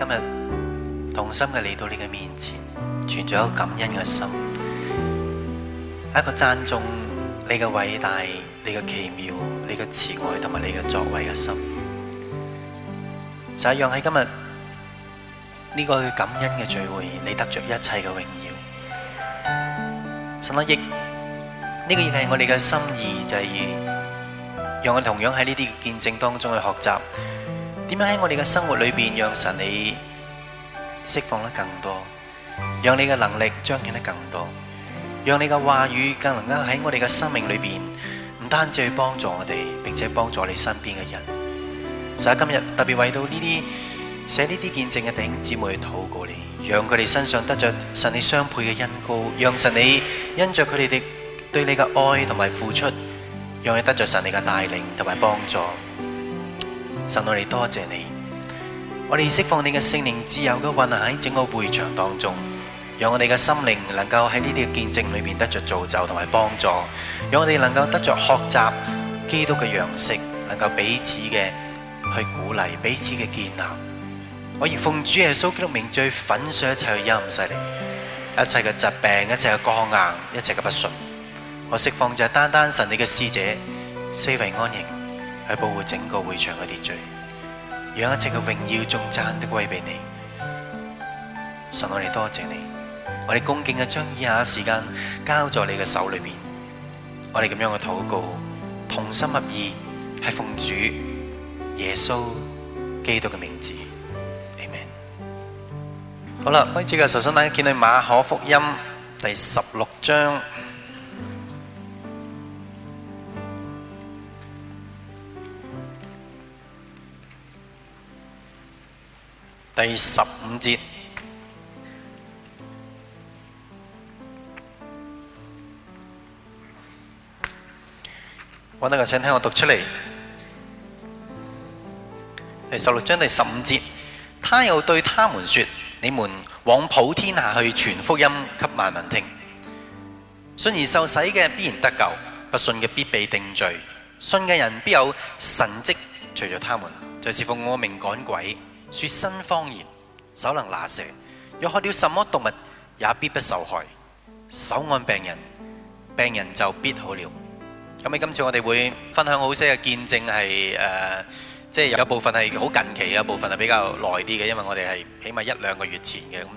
今日同心嘅嚟到你嘅面前，存著一個感恩嘅心，一個讚頌你嘅偉大、你嘅奇妙、你嘅慈愛同埋你嘅作為嘅心，就係讓喺今日呢、這個感恩嘅聚會，你得着一切嘅榮耀。神得益，呢個亦係我哋嘅心意，就係、是、讓我同樣喺呢啲見證當中去學習。點樣喺我哋嘅生活裏邊，讓神你釋放得更多，讓你嘅能力彰顯得更多，讓你嘅話語更能夠喺我哋嘅生命裏邊，唔單止去幫助我哋，並且幫助你身邊嘅人。神喺今日特別為到呢啲寫呢啲見證嘅弟兄姊妹去禱告你，讓佢哋身上得着神你相配嘅恩膏，讓神你因着佢哋哋對你嘅愛同埋付出，讓你得着神你嘅帶領同埋幫助。神，我哋多謝你，我哋釋放你嘅聖靈自由嘅運行喺整個會場當中，讓我哋嘅心靈能夠喺呢啲嘅見證裏面得着造就同埋幫助，讓我哋能夠得着學習基督嘅樣式，能夠彼此嘅去鼓勵彼此嘅建立。我亦奉主耶穌基督名最粉碎一切嘅陰勢力，一切嘅疾病，一切嘅僵硬，一切嘅不順。我釋放就係單單神你嘅使者，四圍安營。去保護整個會場嘅秩序，讓一切嘅榮耀、頌讚都歸俾你。神，我哋多謝你，我哋恭敬嘅將以下時間交在你嘅手裏面。我哋咁樣嘅禱告，同心合意，係奉主耶穌基督嘅名字。阿門。好啦，開始嘅神，大家見到馬可福音第十六章。第十五節，我呢個請聽我讀出嚟。第十六章第十五節，他又對他們說：你們往普天下去，傳福音給萬民聽。信而受洗嘅，必然得救；不信嘅，必被定罪。信嘅人必有神跡隨著他們，就是、是、奉我名趕鬼。說新方言，手能拿蛇，若喝了什麼毒物也必不受害。手按病人，病人就必好了。咁你今次我哋會分享好些嘅見證，係誒，即係有部分係好近期嘅，有部分係比較耐啲嘅，因為我哋係起碼一兩個月前嘅，咁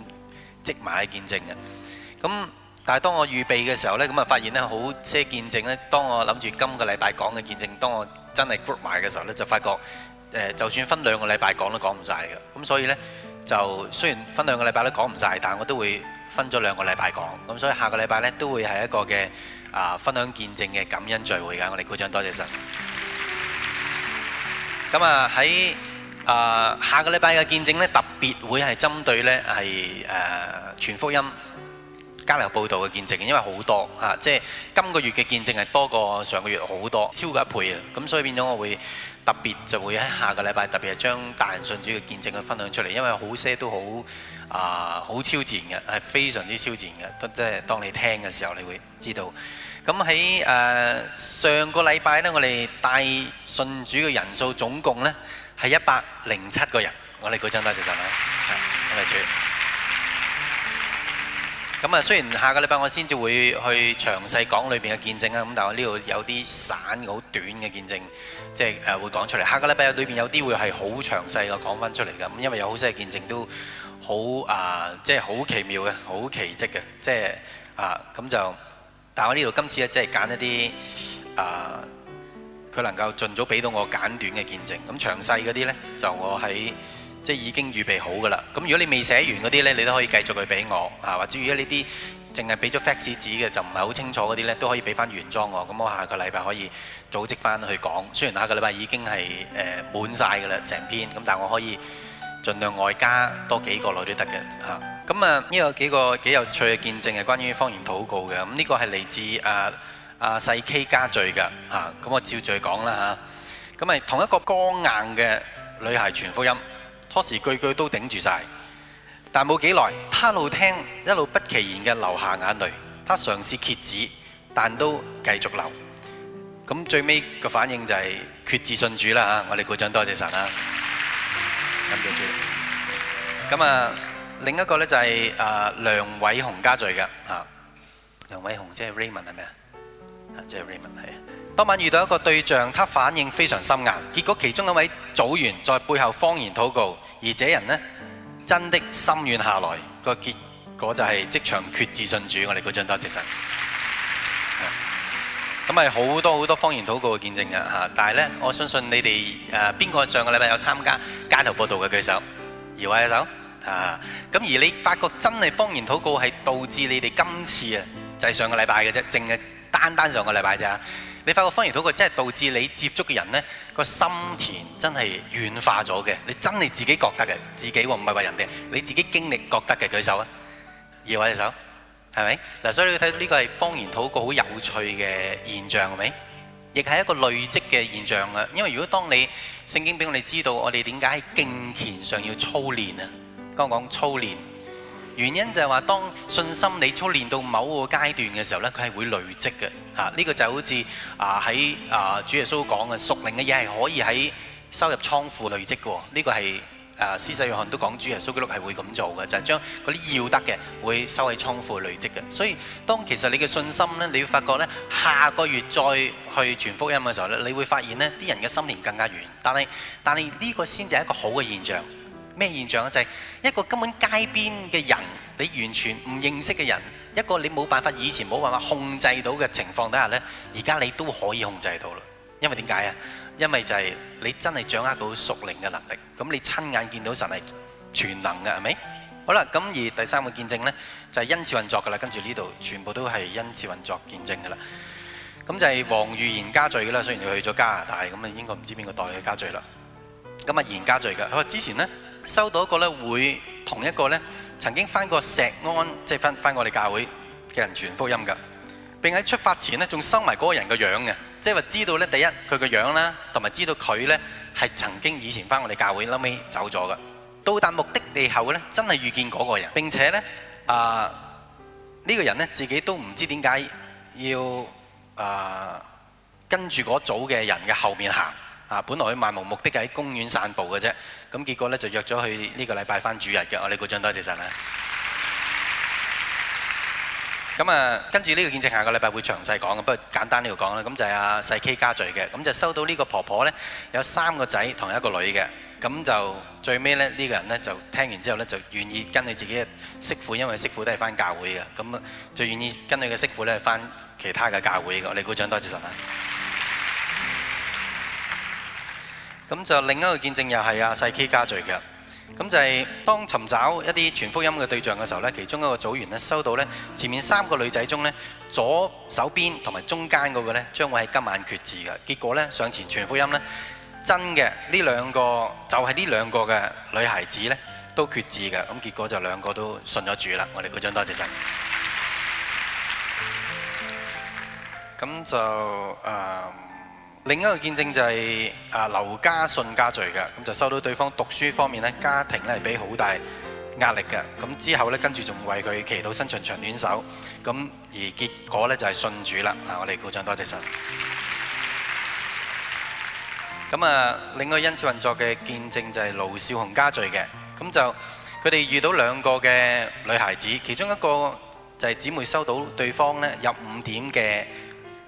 積埋嘅見證嘅。咁但係當我預備嘅時候咧，咁啊發現咧好些見證咧，當我諗住今個禮拜講嘅見證，當我真係 group 埋嘅時候咧，就發覺。誒，就算分兩個禮拜講都講唔晒嘅，咁所以咧就雖然分兩個禮拜都講唔晒，但係我都會分咗兩個禮拜講，咁所以下個禮拜咧都會係一個嘅啊分享見證嘅感恩聚會㗎。我哋鼓掌，多謝神。咁啊喺啊下個禮拜嘅見證咧，特別會係針對咧係誒傳福音、加油、報道嘅見證，因為好多啊，即係今個月嘅見證係多過上個月好多，超過一倍啊。咁所以變咗我會。特別就會喺下個禮拜特別係將帶信主嘅見證去分享出嚟，因為好些都好啊，好、呃、超自然嘅，係非常之超自然嘅。即係當你聽嘅時候，你會知道。咁喺誒上個禮拜呢，我哋帶信主嘅人數總共呢係一百零七個人。我哋舉掌多謝神啊！阿、嗯、主。咁啊，雖然下個禮拜我先至會去詳細講裏邊嘅見證啊，咁但係我呢度有啲散好短嘅見證，即係誒會講出嚟。下個禮拜啊，裏邊有啲會係好詳細嘅講翻出嚟㗎，咁因為有好多嘅見證都好啊，即係好奇妙嘅、好奇蹟嘅，即係啊，咁、呃、就，但係我呢度今次咧，即係揀一啲啊，佢能夠盡早俾到我簡短嘅見證。咁詳細嗰啲咧，就我喺。即係已經預備好嘅啦。咁如果你未寫完嗰啲呢，你都可以繼續佢俾我嚇。或者如果呢啲淨係俾咗 fax 紙嘅，就唔係好清楚嗰啲呢，都可以俾翻原裝我。咁我下個禮拜可以組織翻去講。雖然下個禮拜已經係誒滿晒嘅啦，成、呃、篇咁，但我可以盡量外加多幾個女都得嘅嚇。咁啊，呢有幾個幾有趣嘅見證係關於方言禱告嘅。咁、這、呢個係嚟自啊啊細 K 家聚嘅嚇。咁、啊、我照序講啦嚇。咁、啊、咪同一個剛硬嘅女孩傳福音。初時句句都頂住晒，但冇幾耐，他一路聽，一路不其然嘅流下眼淚。他嘗試竭止，但都繼續流。咁最尾個反應就係、是、決志信主啦，我哋鼓掌多謝神啊！咁咁啊，另一個呢就係梁偉雄家聚嘅。梁偉雄即係 Raymond 係咪啊？即、就、係、是、Raymond 係。就是、Ray mond，當晚遇到一個對象，他反應非常心硬。結果其中一位組員在背後謊言禱告。而這人呢，真的心軟下來，個結果就係職場決志信主。我哋鼓掌多謝晒，咁咪好多好多方言禱告嘅見證嘅嚇、啊，但係呢，我相信你哋誒邊個上個禮拜有參加街頭佈道嘅舉手？搖下一手啊，咁而你發覺真係方言禱告係導致你哋今次啊，就係、是、上個禮拜嘅啫，淨係單單上個禮拜咋。你發覺方言土個真係導致你接觸嘅人咧，個心田真係軟化咗嘅，你真係自己覺得嘅，自己喎，唔係話人哋，你自己經歷覺得嘅，舉手啊，二位隻手，係咪？嗱，所以你睇到呢個係方言土個好有趣嘅現象，係咪？亦係一個累積嘅現象啊，因為如果當你聖經俾我哋知道，我哋點解喺敬虔上要操練啊？剛剛講操練。原因就係話，當信心你操練到某個階段嘅時候咧，佢係會累積嘅嚇。呢、這個就好似啊喺啊主耶穌講嘅，屬靈嘅嘢係可以喺收入倉庫累積嘅。呢、這個係啊、呃、施洗約翰都講主耶穌基督係會咁做嘅，就係將嗰啲要得嘅會收喺倉庫累積嘅。所以當其實你嘅信心咧，你會發覺咧，下個月再去傳福音嘅時候咧，你會發現咧，啲人嘅心靈更加軟。但係但係呢個先至係一個好嘅現象。咩現象啊？就係一個根本街邊嘅人，你完全唔認識嘅人，一個你冇辦法以前冇辦法控制到嘅情況底下咧，而家你都可以控制到啦。因為點解啊？因為就係你真係掌握到屬靈嘅能力。咁你親眼見到神係全能嘅，係咪？好啦，咁而第三個見證咧，就係恩賜運作嘅啦。跟住呢度全部都係恩賜運作見證嘅啦。咁就係王裕賢家聚嘅啦。雖然佢去咗加拿大，咁啊應該唔知邊個代佢家聚啦。咁啊賢家聚嘅，佢之前咧。收到一個咧，會同一個咧，曾經翻過石安，即係翻翻我哋教會嘅人傳福音噶，並喺出發前咧，仲收埋個人嘅樣嘅，即係話知道咧，第一佢個樣啦，同埋知道佢咧係曾經以前翻我哋教會後尾走咗嘅。到達目的地後咧，真係遇見嗰個人，並且咧啊呢個人咧自己都唔知點解要啊、呃、跟住嗰組嘅人嘅後面行。本來佢漫無目的喺公園散步嘅啫，咁結果咧就約咗去呢個禮拜翻主日嘅。我哋鼓掌多謝神啦。咁 啊，跟住呢個見證，下個禮拜會詳細講，不過簡單呢度講啦。咁就係啊細 K 家聚嘅，咁就收到呢個婆婆咧，有三個仔同一個女嘅，咁就最尾咧呢個人咧就聽完之後咧就願意跟你自己嘅媳婦，因為媳婦都係翻教會嘅，咁啊最願意跟你嘅媳婦咧翻其他嘅教會嘅。我哋鼓掌多謝神啦。咁就另一個見證又係啊細 K 家聚嘅，咁就係當尋找一啲傳福音嘅對象嘅時候呢，其中一個組員咧收到呢，前面三個女仔中呢左手邊同埋中間嗰個咧將會喺今晚決志嘅，結果呢，上前傳福音呢，真嘅呢兩個就係呢兩個嘅女孩子呢都決志嘅，咁結果就兩個都信咗主啦。我哋鼓掌多謝晒。咁 就誒。呃另一個見證就係啊，劉家信家聚嘅，咁就收到對方讀書方面咧，家庭咧係俾好大壓力嘅。咁之後咧，跟住仲為佢祈禱伸長長暖手，咁而結果咧就係信主啦。嗱，我哋鼓掌多謝神。咁啊，另外恩賜運作嘅見證就係盧少雄家聚嘅，咁就佢哋遇到兩個嘅女孩子，其中一個就係姊妹收到對方咧有五點嘅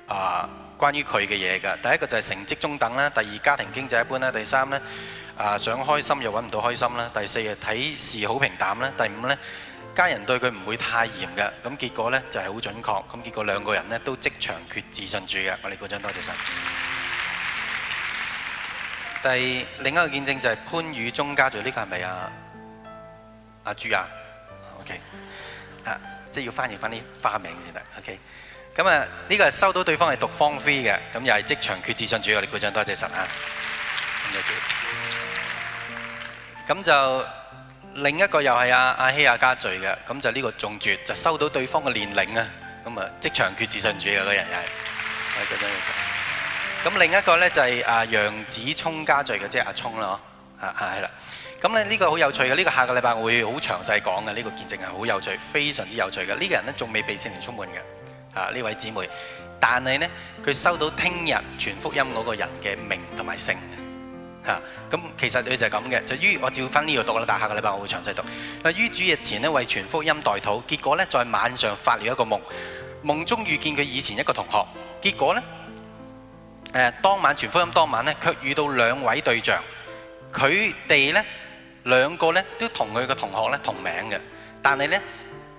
啊。關於佢嘅嘢㗎，第一個就係成績中等啦，第二，家庭經濟一般啦，第三咧啊、呃、想開心又揾唔到開心啦，第四啊，睇事好平淡啦，第五咧，家人對佢唔會太嚴嘅，咁結果呢，就係、是、好準確，咁結果兩個人呢都職場缺自信住嘅。我哋鼓掌，多謝晒。 第另一個見證就係番禺鐘家族，呢、這個係咪啊阿朱啊，啊？OK 啊，即係要翻譯翻啲花名先得。OK。咁啊，呢個係收到對方係讀方非嘅，咁又係職場決志信主，我哋鼓掌，多謝神啊！咁謝就，另一個又係阿阿希亞加聚嘅，咁就呢個中絕就收到對方嘅年齡啊！咁啊，職場決志信主嘅嗰人又係，咁謝另一個咧就係阿楊子聰加聚嘅，即係阿聰啦，嚇嚇啦。咁咧呢個好有趣嘅，呢、這個下個禮拜會好詳細講嘅，呢、這個見證係好有趣，非常之有趣嘅。呢、這個人呢，仲未被聖靈充滿嘅。啊！呢位姐妹，但係呢，佢收到聽日傳福音嗰個人嘅名同埋姓啊！咁其實佢就係咁嘅，就於我照翻呢度讀啦。但下個禮拜我會詳細讀。於主日前呢為傳福音代禱，結果呢在晚上發了一個夢，夢中遇見佢以前一個同學。結果呢，誒當晚傳福音當晚呢卻遇到兩位對象，佢哋呢兩個呢都同佢個同學呢同名嘅，但係呢。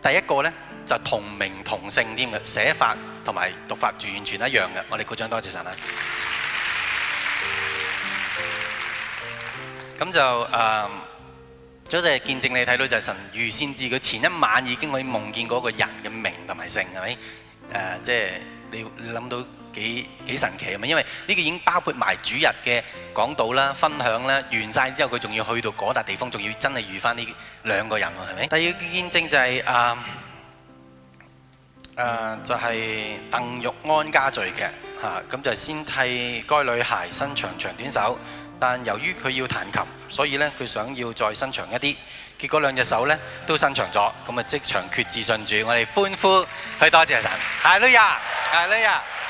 第一個呢就同名同姓添嘅，寫法同埋讀法完全一樣嘅。我哋鼓掌多謝神啊！咁就誒，真正見證你睇到就係神預先至，佢前一晚已經可以夢見嗰個人嘅名同埋姓係咪？誒，即係你你諗到。幾幾神奇啊嘛！因為呢個已經包括埋主日嘅講道啦、分享啦，完曬之後佢仲要去到嗰笪地方，仲要真係遇翻呢兩個人喎，係咪？第二個見證就係啊啊，就係鄧玉安家聚嘅嚇，咁就先替該女孩伸長長短手，但由於佢要彈琴，所以咧佢想要再伸長一啲，結果兩隻手咧都伸長咗，咁啊即場決志信主，我哋歡呼去多謝神，哈利路亞，哈利路亞。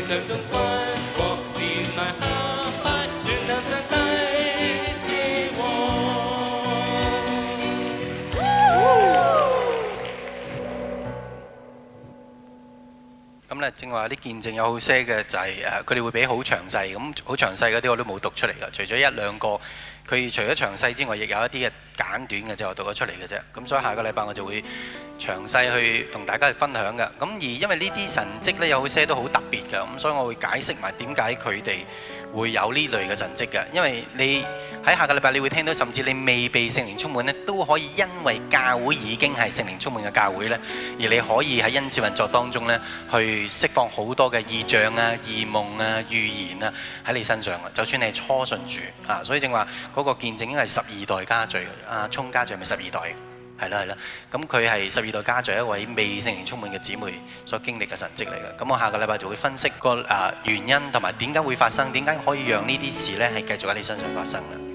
咁咧，正話啲見證有好些嘅就係誒，佢哋會俾好詳細，咁好詳細嗰啲我都冇讀出嚟噶，除咗一兩個。佢除咗詳細之外，亦有一啲嘅簡短嘅，就係讀咗出嚟嘅啫。咁所以下個禮拜我就會詳細去同大家去分享嘅。咁而因為呢啲神蹟咧，有好多都好特別嘅，咁所以我會解釋埋點解佢哋會有呢類嘅神跡嘅，因為你喺下個禮拜你會聽到，甚至你未被聖靈充滿呢，都可以因為教會已經係聖靈充滿嘅教會呢，而你可以喺恩賜運作當中呢，去釋放好多嘅異象啊、異夢啊、預言啊喺你身上啊。就算你係初信主啊，所以正話嗰個見證應該係十二代家序，阿聰家序係咪十二代？係啦係啦，咁佢係十二代家族一位未成年充滿嘅姊妹所經歷嘅神蹟嚟嘅，咁我下個禮拜就會分析個啊原因同埋點解會發生，點解可以讓呢啲事咧係繼續喺你身上發生嘅。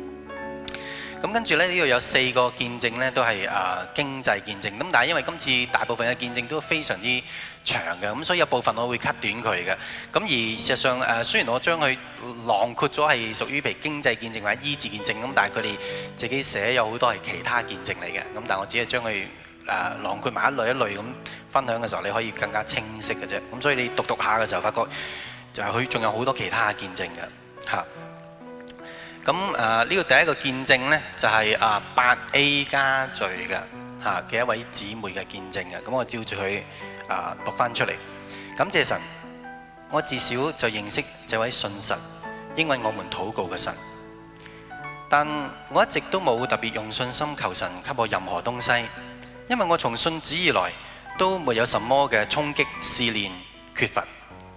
咁跟住咧，呢度有四個見證咧，都係誒、呃、經濟見證。咁但係因為今次大部分嘅見證都非常之長嘅，咁所以有部分我會 cut 短佢嘅。咁而事實上誒、呃，雖然我將佢囊括咗係屬於譬如經濟見證或者醫治見證咁，但係佢哋自己寫有好多係其他見證嚟嘅。咁但係我只係將佢誒囊括埋一類一類咁分享嘅時候，你可以更加清晰嘅啫。咁所以你讀讀下嘅時候，發覺就係佢仲有好多其他嘅見證嘅嚇。咁誒呢個第一個見證咧，就係八 A 家聚嘅嚇嘅一位姊妹嘅見證嘅。咁我照住佢誒讀翻出嚟，感謝神，我自小就認識這位信神，應允我們禱告嘅神。但我一直都冇特別用信心求神給我任何東西，因為我從信主以來都冇有什麼嘅衝擊、試煉、缺乏、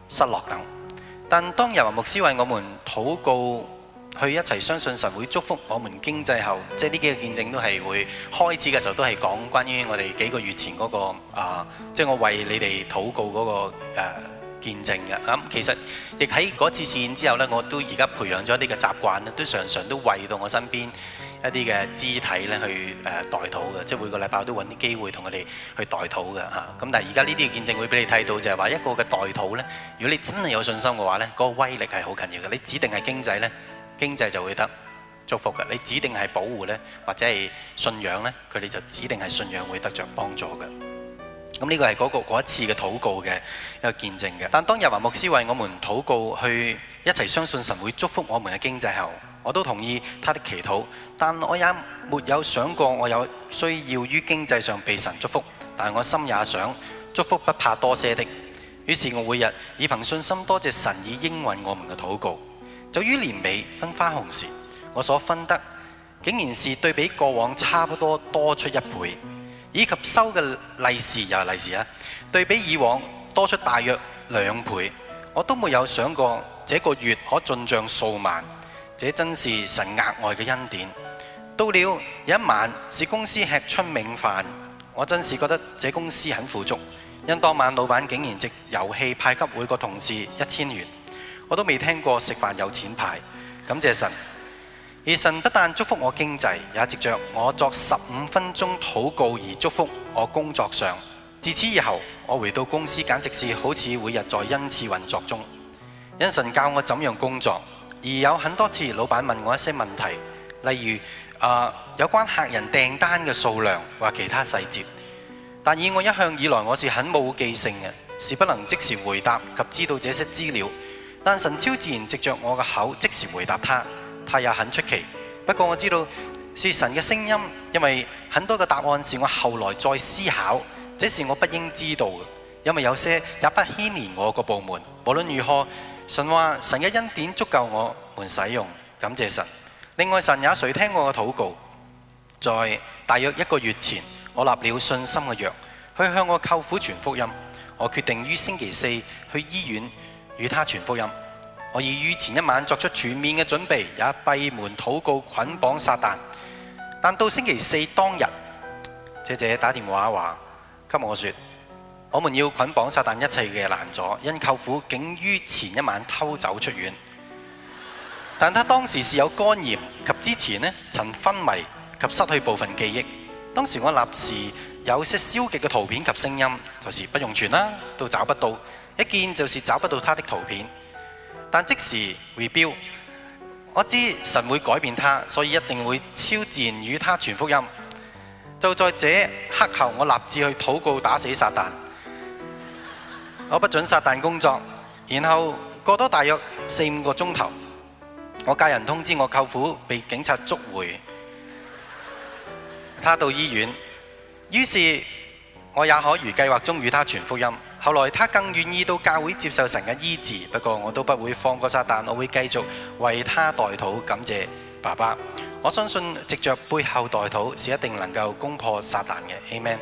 失落等。但當日大牧師為我們禱告。去一齊相信神會祝福我們經濟後，即係呢幾個見證都係會開始嘅時候都係講關於我哋幾個月前嗰、那個啊，即、呃、係、就是、我為你哋禱告嗰、那個誒、呃、見證嘅。咁其實亦喺嗰次事件之後呢，我都而家培養咗一啲嘅習慣咧，都常常都為到我身邊一啲嘅肢體咧去誒、呃、代禱嘅，即係每個禮拜我都揾啲機會同佢哋去代禱嘅嚇。咁、啊、但係而家呢啲嘅見證會俾你睇到就係話一個嘅代禱呢。如果你真係有信心嘅話呢嗰、那個威力係好緊要嘅。你指定係經濟呢。經濟就會得祝福嘅，你指定係保護咧，或者係信仰咧，佢哋就指定係信仰會得着幫助嘅。咁呢個係嗰個嗰一次嘅禱告嘅一個見證嘅。但當日華牧師為我們禱告，去一齊相信神會祝福我們嘅經濟後，我都同意他的祈禱，但我也沒有想過我有需要於經濟上被神祝福。但我心也想，祝福不怕多些的。於是，我每日以憑信心多謝神以應允我們嘅禱告。由於年尾分花紅時，我所分得竟然是對比過往差不多多出一倍，以及收嘅利是又係利是啦，對比以往多出大約兩倍。我都沒有想過這個月可進帳數萬，這真是神額外嘅恩典。到了有一晚是公司吃春茗飯，我真是覺得這公司很富足，因當晚老闆竟然即遊戲派給每個同事一千元。我都未聽過食飯有錢派，感謝神。而神不但祝福我經濟，也藉着我作十五分鐘禱告而祝福我工作上。自此以後，我回到公司，簡直是好似每日在恩賜運作中。因神教我怎樣工作，而有很多次老闆問我一些問題，例如啊、呃、有關客人訂單嘅數量或其他細節，但以我一向以來我是很冇記性嘅，是不能即時回答及知道這些資料。但神超自然藉著我嘅口即時回答他，他也很出奇。不過我知道是神嘅聲音，因為很多嘅答案是我後來再思考，這是我不應知道嘅，因為有些也不牽連我個部門。無論如何，神話神嘅恩典足夠我們使用，感謝神。另外神也垂聽我嘅禱告。在大約一個月前，我立了信心嘅約，去向我舅父傳福音。我決定於星期四去醫院。與他傳福音，我已於前一晚作出全面嘅準備，也閉門禱告捆綁撒但。但到星期四當日，姐姐打電話話給我說：我們要捆綁撒但一切嘅難阻，因舅父竟於前一晚偷走出院。但他當時是有肝炎，及之前呢，曾昏迷及失去部分記憶。當時我立時有些消極嘅圖片及聲音，就是不用傳啦，都找不到。一見就是找不到他的圖片，但即時回標。我知道神會改變他，所以一定會超自然與他傳福音。就在這刻後，我立志去禱告打死撒旦。我不准撒旦工作。然後過多大約四五個鐘頭，我家人通知我舅父被警察捉回，他到醫院。於是我也可如計劃中與他傳福音。後來他更願意到教會接受神嘅醫治，不過我都不會放過撒旦，我會繼續為他代禱，感謝爸爸。我相信藉着背後代禱是一定能夠攻破撒旦嘅，Amen。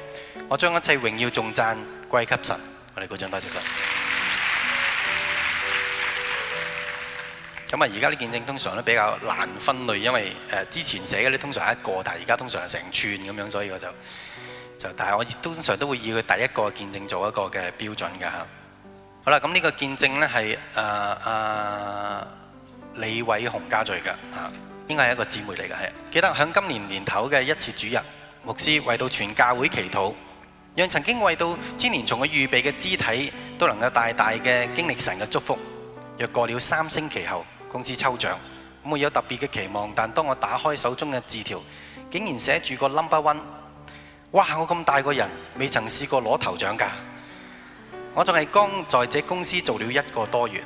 我將一切榮耀頌讚歸給神。我哋鼓掌，多謝神。咁啊，而家呢見證通常都比較難分類，因為誒之前寫嘅呢通常係一個，但係而家通常係成串咁樣，所以我就。就但係我亦通常都會以佢第一個見證做一個嘅標準嘅嚇。好啦，咁呢個見證呢係誒阿李偉雄家聚嘅嚇，應該係一個姊妹嚟嘅係。記得響今年年頭嘅一次主日牧師為到全教會祈禱，讓曾經為到千年蟲嘅預備嘅肢體都能夠大大嘅經歷神嘅祝福。若過了三星期後公司抽獎，我有特別嘅期望，但係當我打開手中嘅字條，竟然寫住個 number one。哇！我咁大個人未曾試過攞頭獎㗎，我仲係剛在這公司做了一個多月，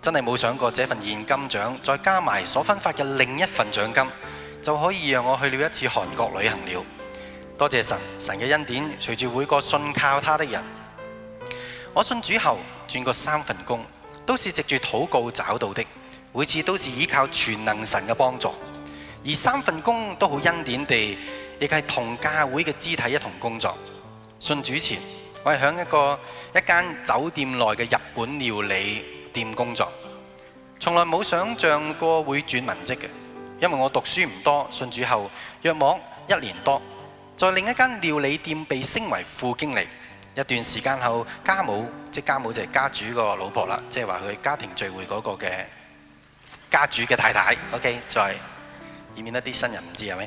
真係冇想過這份現金獎，再加埋所分發嘅另一份獎金，就可以讓我去了一次韓國旅行了。多謝神，神嘅恩典隨住每個信靠他的人。我信主後轉過三份工，都是藉住禱告找到的，每次都是依靠全能神嘅幫助，而三份工都好恩典地。亦係同家會嘅肢體一同工作。信主前，我係響一個一間酒店內嘅日本料理店工作，從來冇想像過會轉文職嘅，因為我讀書唔多。信主後，約莫一年多，在另一間料理店被升為副經理。一段時間後，家母即家母就係家主個老婆啦，即係話佢家庭聚會嗰個嘅家主嘅太太。OK，在以免一啲新人唔知係咪。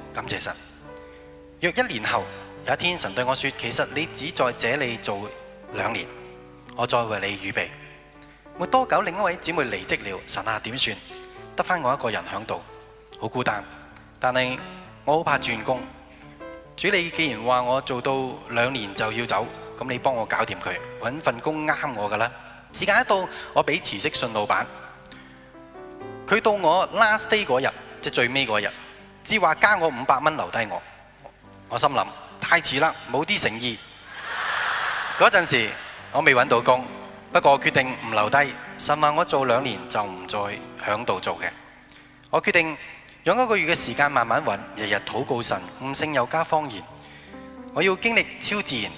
感謝神。約一年後有一天，神對我說：其實你只在這裡做兩年，我再為你預備。沒多久，另一位姐妹離職了，神啊點算？得返我一個人喺度，好孤單。但係我好怕轉工。主你既然話我做到兩年就要走，咁你幫我搞掂佢，揾份工啱我㗎啦。時間一到，我俾辭職信老闆。佢到我 last day 嗰日，即、就是、最尾嗰日。只話加我五百蚊留低我，我心諗太遲啦，冇啲誠意。嗰陣 時我未揾到工，不過我決定唔留低，神話我做兩年就唔再響度做嘅。我決定用一個月嘅時間慢慢揾，日日禱告神，悟性又加方言。我要經歷超自然。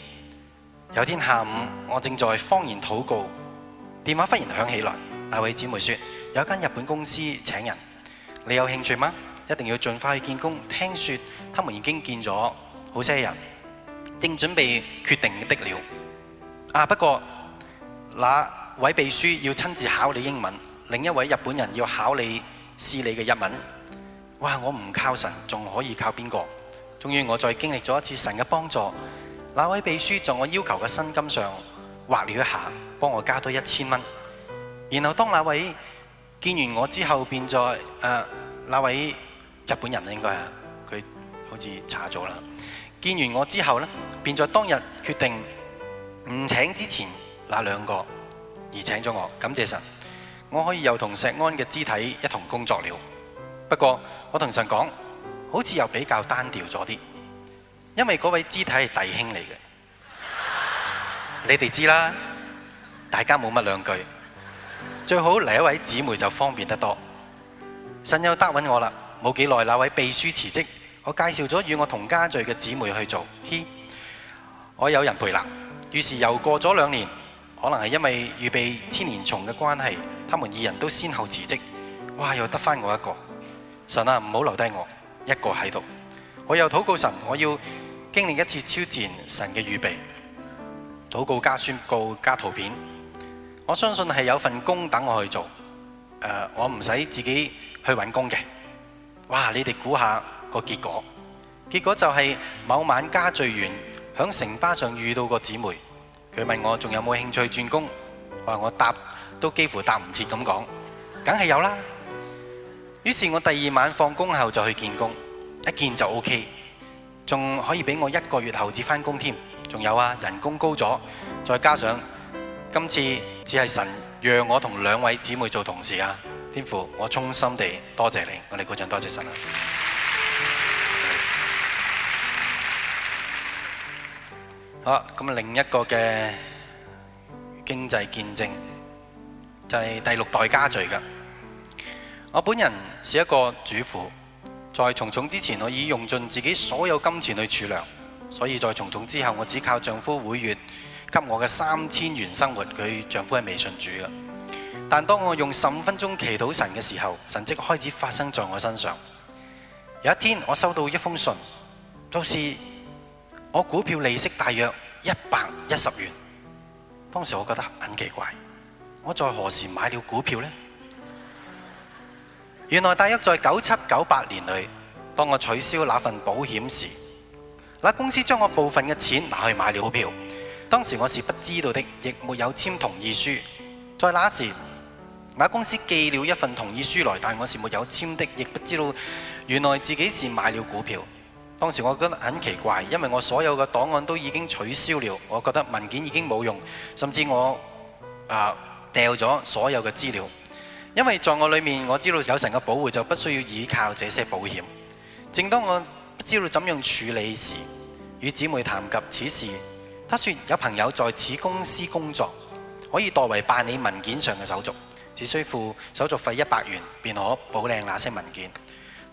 有天下午我正在方言禱告，電話忽然響起來，大、啊、位姊妹説：有間日本公司請人，你有興趣嗎？一定要盡快去見工。聽說他們已經見咗好些人，正準備決定的了。啊！不過那位秘書要親自考你英文，另一位日本人要考你試你嘅日文。哇！我唔靠神，仲可以靠邊個？終於我再經歷咗一次神嘅幫助。那位秘書在我要求嘅薪金上畫了一下，幫我加多一千蚊。然後當那位見完我之後，便在、呃、那位。日本人應該啊，佢好似查咗啦。見完我之後呢，便在當日決定唔請之前那兩個，而請咗我。感謝神，我可以又同石安嘅肢體一同工作了。不過我同神講，好似又比較單調咗啲，因為嗰位肢體係弟兄嚟嘅。 你哋知啦，大家冇乜兩句，最好嚟一位姊妹就方便得多。神又答應我了。冇幾耐，那位秘書辭職，我介紹咗與我同家聚嘅姊妹去做。我有人陪啦。於是又過咗兩年，可能係因為預備千年蟲嘅關係，他們二人都先後辭職。哇！又得返我一個。神啊，唔好留低我一個喺度。我又禱告神，我要經歷一次超自然神嘅預備。禱告加宣告加圖片，我相信係有份工等我去做。我唔使自己去揾工嘅。哇！你哋估下個結果，結果就係某晚家聚完，響城巴上遇到個姊妹，佢問我仲有冇興趣轉工，話我，我答都幾乎答唔切咁講，梗係有啦。於是我第二晚放工後就去見工，一見就 OK，仲可以俾我一個月後至翻工添，仲有啊，人工高咗，再加上今次只係神讓我同兩位姊妹做同事啊。天父，我衷心地多謝你，我哋鼓掌，多謝神啦。好啦，咁另一個嘅經濟見證就係、是、第六代家聚噶。我本人是一個主婦，在從重，重之前，我已用盡自己所有金錢去儲糧，所以在從重，重之後，我只靠丈夫每月給我嘅三千元生活。佢丈夫係未信主噶。但當我用十五分鐘祈禱神嘅時候，神跡開始發生在我身上。有一天，我收到一封信，就是我股票利息大約一百一十元。當時我覺得很奇怪，我在何時買了股票呢？原來大約在九七九八年裏，當我取消那份保險時，那公司將我部分嘅錢拿去買了股票。當時我是不知道的，亦沒有簽同意書。在那時。那公司寄了一份同意書來，但我是沒有簽的，亦不知道原來自己是買了股票。當時我覺得很奇怪，因為我所有嘅檔案都已經取消了，我覺得文件已經冇用，甚至我啊、呃、掉咗所有嘅資料。因為在我裏面我知道有神嘅保護，就不需要倚靠這些保險。正當我不知道怎樣處理時，與姊妹談及此事，她說有朋友在此公司工作，可以代為辦理文件上嘅手續。只需付手續費一百元便可補領那些文件。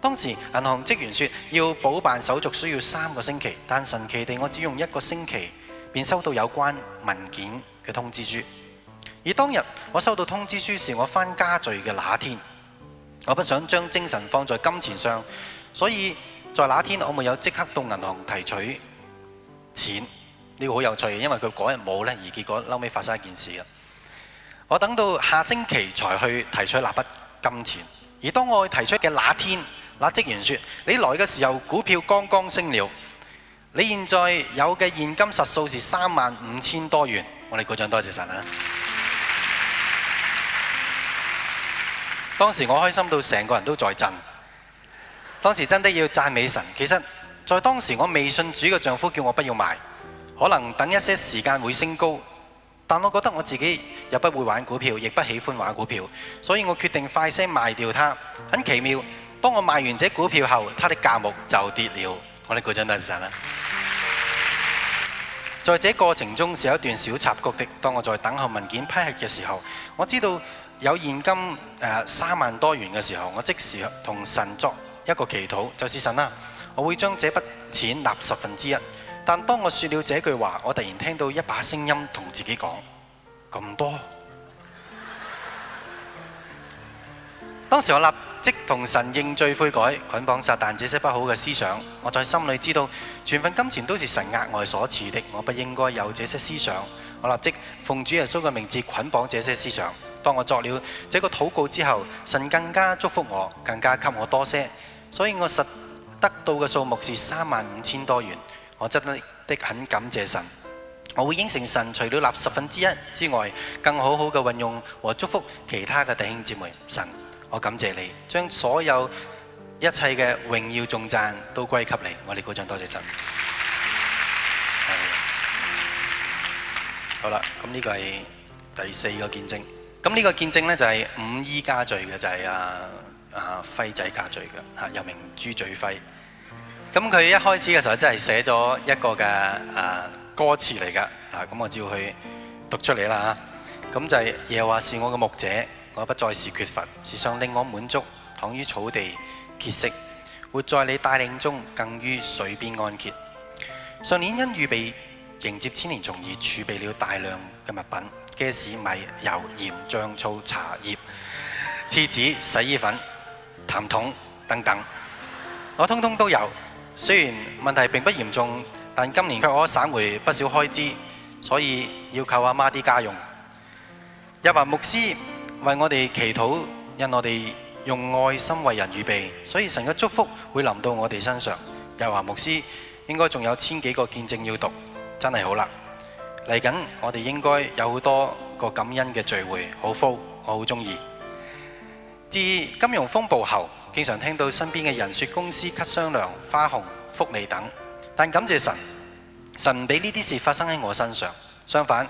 當時銀行職員說要補辦手續需要三個星期，但神奇地我只用一個星期便收到有關文件嘅通知書。而當日我收到通知書時，我翻家聚嘅那天，我不想將精神放在金錢上，所以在那天我沒有即刻到銀行提取錢。呢、這個好有趣，因為佢嗰日冇呢，而結果後尾發生一件事我等到下星期才去提出那筆金錢，而當我提出嘅那天，那職員説：你來嘅時候，股票剛剛升了。你現在有嘅現金實數是三萬五千多元。我哋鼓掌多謝神啊！當時我開心到成個人都在震。當時真的要讚美神。其實在當時我未信主嘅丈夫叫我不要賣，可能等一些時間會升高。但我覺得我自己又不會玩股票，亦不喜歡玩股票，所以我決定快些賣掉它。很奇妙，當我賣完這股票後，它的價目就跌了。我哋鼓掌多謝神啦！在這過程中是有一段小插曲的。當我在等候文件批核嘅時候，我知道有現金呃、三萬多元嘅時候，我即時同神作一個祈禱，就是神啦，我會將這筆錢納十分之一。但當我説了這句話，我突然聽到一把聲音同自己講：咁多。當時我立即同神認罪悔改，捆綁撒但這些不好嘅思想，我在心裡知道，全份金錢都是神額外所賜的，我不應該有這些思想。我立即奉主耶穌嘅名字捆綁這些思想。當我作了這個禱告之後，神更加祝福我，更加給我多些，所以我實得到嘅數目是三萬五千多元。我真的很感謝神，我會應承神，除了納十分之一之外，更好好嘅運用和祝福其他嘅弟兄姊妹。神，我感謝你，將所有一切嘅榮耀重贊都歸給你。我哋鼓掌多謝神。 是好啦，咁呢個係第四個見證。咁呢個見證呢，就係五姨家聚嘅，就係阿阿輝仔家聚嘅，嚇，又名豬嘴輝。咁佢一開始嘅時候真係寫咗一個嘅、啊、歌詞嚟㗎，嗱、啊、咁我照佢讀出嚟啦，咁就嘢、是、話是我嘅牧者，我不再是缺乏，時常令我滿足，躺於草地歇息，活在你帶領中，更於水邊安歇。上年因預備迎接千年蟲而儲備了大量嘅物品，嘅士米、油、鹽、醬醋、茶葉、廁紙、洗衣粉、痰桶等等，我通通都有。雖然問題並不嚴重，但今年卻可省回不少開支，所以要靠阿媽啲家用。日華牧師為我哋祈禱，因我哋用愛心為人預備，所以神嘅祝福會臨到我哋身上。日華牧師應該仲有千幾個見證要讀，真係好難！嚟緊我哋應該有好多個感恩嘅聚會，好 full，我好鍾意。自金融風暴後。經常聽到身邊嘅人説公司給雙糧、花紅、福利等，但感謝神，神唔俾呢啲事發生喺我身上。相反，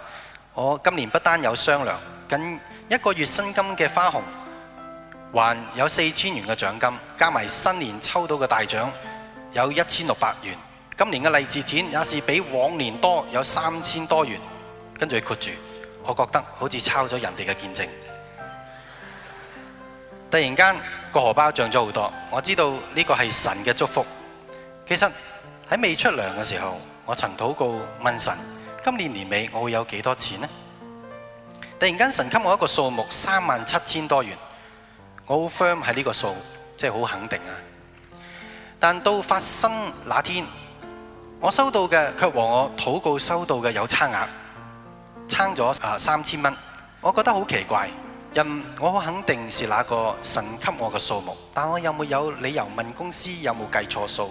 我今年不單有雙糧，近一個月薪金嘅花紅，還有四千元嘅獎金，加埋新年抽到嘅大獎有一千六百元。今年嘅利是錢也是比往年多有三千多元，跟住括住，我覺得好似抄咗人哋嘅見證。突然間。個荷包漲咗好多，我知道呢個係神嘅祝福。其實喺未出糧嘅時候，我曾禱告問神：今年年尾我會有幾多錢呢？突然間神給我一個數目三萬七千多元，我好 firm 喺呢個數，即係好肯定啊。但到發生那天，我收到嘅卻和我禱告收到嘅有差額，差咗啊三千蚊，我覺得好奇怪。因我好肯定是那個神給我嘅數目，但我有沒有，有理由問公司有冇計錯數？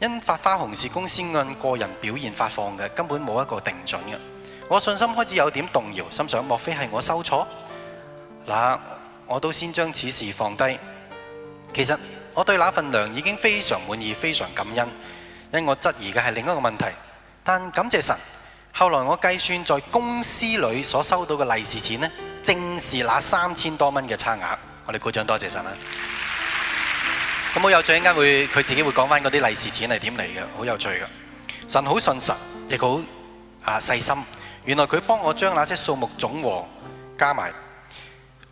因發花紅是公司按個人表現發放嘅，根本冇一個定準嘅。我信心開始有點動搖，心想莫非係我收錯？嗱，我都先將此事放低。其實我對那份糧已經非常滿意，非常感恩。因我質疑嘅係另一個問題。但感謝神。後來我計算在公司裏所收到嘅利是錢呢。正是那三千多蚊嘅差額，我哋鼓掌多謝神啦！咁好 有趣，一陣間佢自己會講返嗰啲利是錢係點嚟嘅，好有趣嘅。神好信實，亦好啊細心。原來佢幫我將那些數目總和加埋，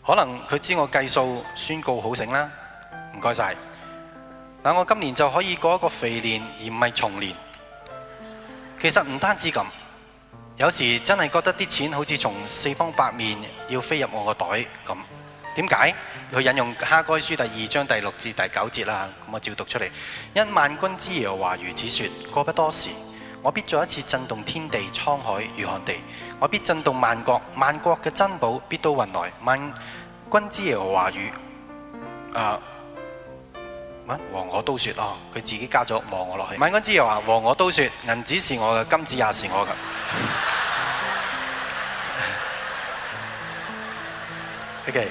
可能佢知我計數宣告好醒啦。唔該晒，我今年就可以過一個肥年而唔係重年。其實唔單止咁。有時真係覺得啲錢好似從四方八面要飛入我個袋咁，點解？佢引用《哈該書》第二章第六至第九節啦，咁我照讀出嚟。 因萬軍之耶和華如此說，過不多時，我必再一次震動天地、滄海與旱地，我必震動萬國，萬國嘅珍寶必都運來。萬軍之耶和華語，呃和我都說哦，佢自己加咗和我落去。萬軍之又話和我都說，銀子是我嘅，金子也是我嘅。 O.K.，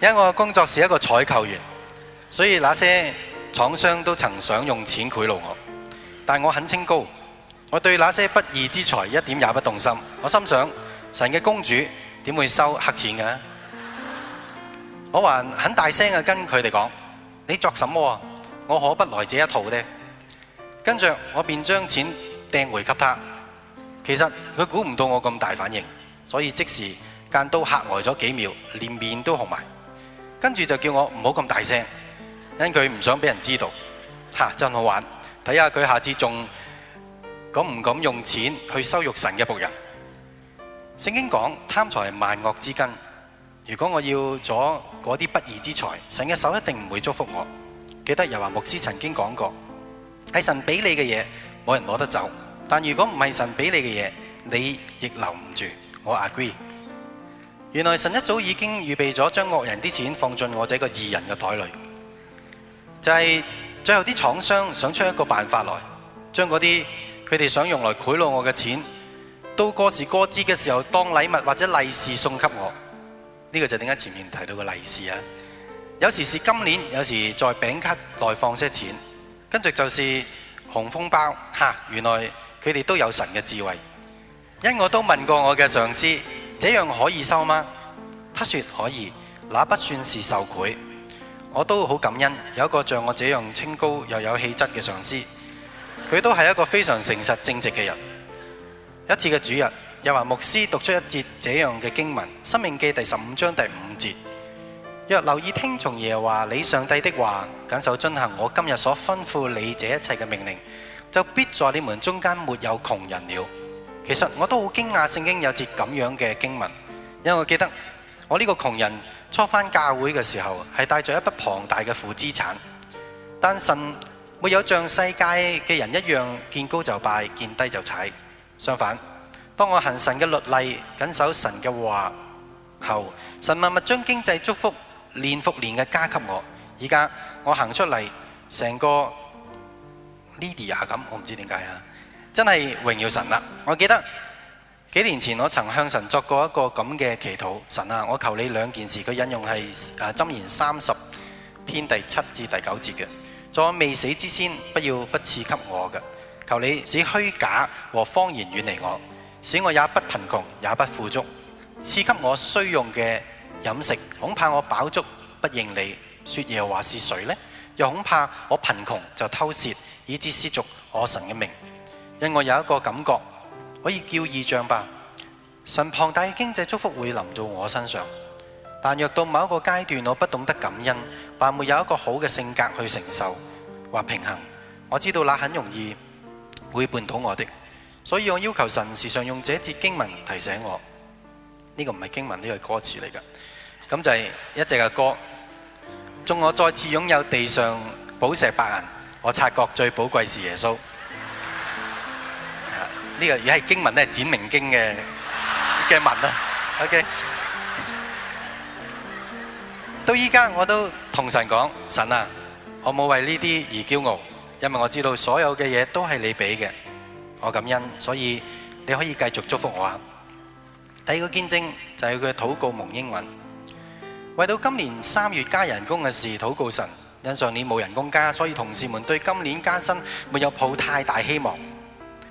因為我工作是一個採購員，所以那些廠商都曾想用錢賄賂我，但我很清高，我對那些不義之財一點也不動心。我心想神嘅公主點會收黑錢嘅？我還很大聲嘅跟佢哋說你作什麼啊？我可不來，這一套呢，跟着我便將錢掟回給他。其實佢估唔到我咁大反應，所以即時間都嚇呆咗幾秒，連面都紅埋。跟住就叫我唔好咁大聲，因佢唔想俾人知道。啊，真好玩！睇下佢下次仲敢唔敢用錢去羞辱神嘅僕人。聖經講貪財萬惡之根。如果我要咗嗰啲不義之財，神嘅手一定唔會祝福我。記得又話牧師曾經講過，係神俾你嘅嘢，冇人攞得走，但如果唔係神俾你嘅嘢，你亦留唔住。我 agree。原來神一早已經預備咗，將惡人啲錢放進我這個義人嘅袋裏，就係、是、最後啲廠商想出一個辦法來，將嗰啲佢哋想用來賄賂我嘅錢到過時過節嘅時候當禮物或者利是送給我。呢個就係點解前面提到個利是啊！有時是今年，有時在餅卡內放些錢，跟住就是紅封包。嚇、啊，原來佢哋都有神嘅智慧。因我都問過我嘅上司，這樣可以收嗎？他說可以，那不算是受賄。我都好感恩，有一個像我這樣清高又有氣質嘅上司，佢都係一個非常誠實正直嘅人。一次嘅主日。又話牧師讀出一節這樣嘅經文，《生命記》第十五章第五節。若留意聽從耶和華你上帝的話，謹守遵行我今日所吩咐你這一切嘅命令，就必在你們中間沒有窮人了。其實我都好驚訝，聖經有節咁樣嘅經文，因為我記得我呢個窮人初返教會嘅時候，係帶住一筆龐大嘅負資產，但神，沒有像世界嘅人一樣見高就拜，見低就踩，相反。當我行神嘅律例，緊守神嘅話後，神默默將經濟祝福，練福年復年嘅加給我。而家我行出嚟，成個 Lydia 咁我唔知點解啊！真係榮耀神啦！我記得幾年前我曾向神作過一個咁嘅祈禱，神啊，我求你兩件事。佢引用係《啊箴言》三十篇第七至第九節嘅，在未死之先，不要不賜給我。求你使虛假和謊言遠離我。使我也不貧窮也不富足，賜給我需用嘅飲食，恐怕我飽足不認你，說耶和華是誰呢？又恐怕我貧窮就偷竊，以致褻瀆我神嘅名，因我有一個感覺，可以叫異象吧。神龐大嘅經濟祝福會臨到我身上，但若到某一個階段我不懂得感恩，還沒有一個好嘅性格去承受或平衡，我知道那很容易會絆倒我的。所以我要求神時常用這節經文提醒我，呢個唔係經文，呢、個係歌詞嚟㗎。咁就係一隻嘅歌，縱我再次擁有地上寶石白銀，我察覺最寶貴是耶穌。呢 個而係經文咧，係展明經嘅文 OK。到而家我都同神講，神啊，我冇為呢啲而驕傲，因為我知道所有嘅嘢都係你畀嘅。我感恩，所以你可以繼續祝福我啊！第二個見證就係佢嘅禱告蒙應允，為到今年三月加人工嘅事禱告神。因上年冇人工加，所以同事們對今年加薪沒有抱太大希望。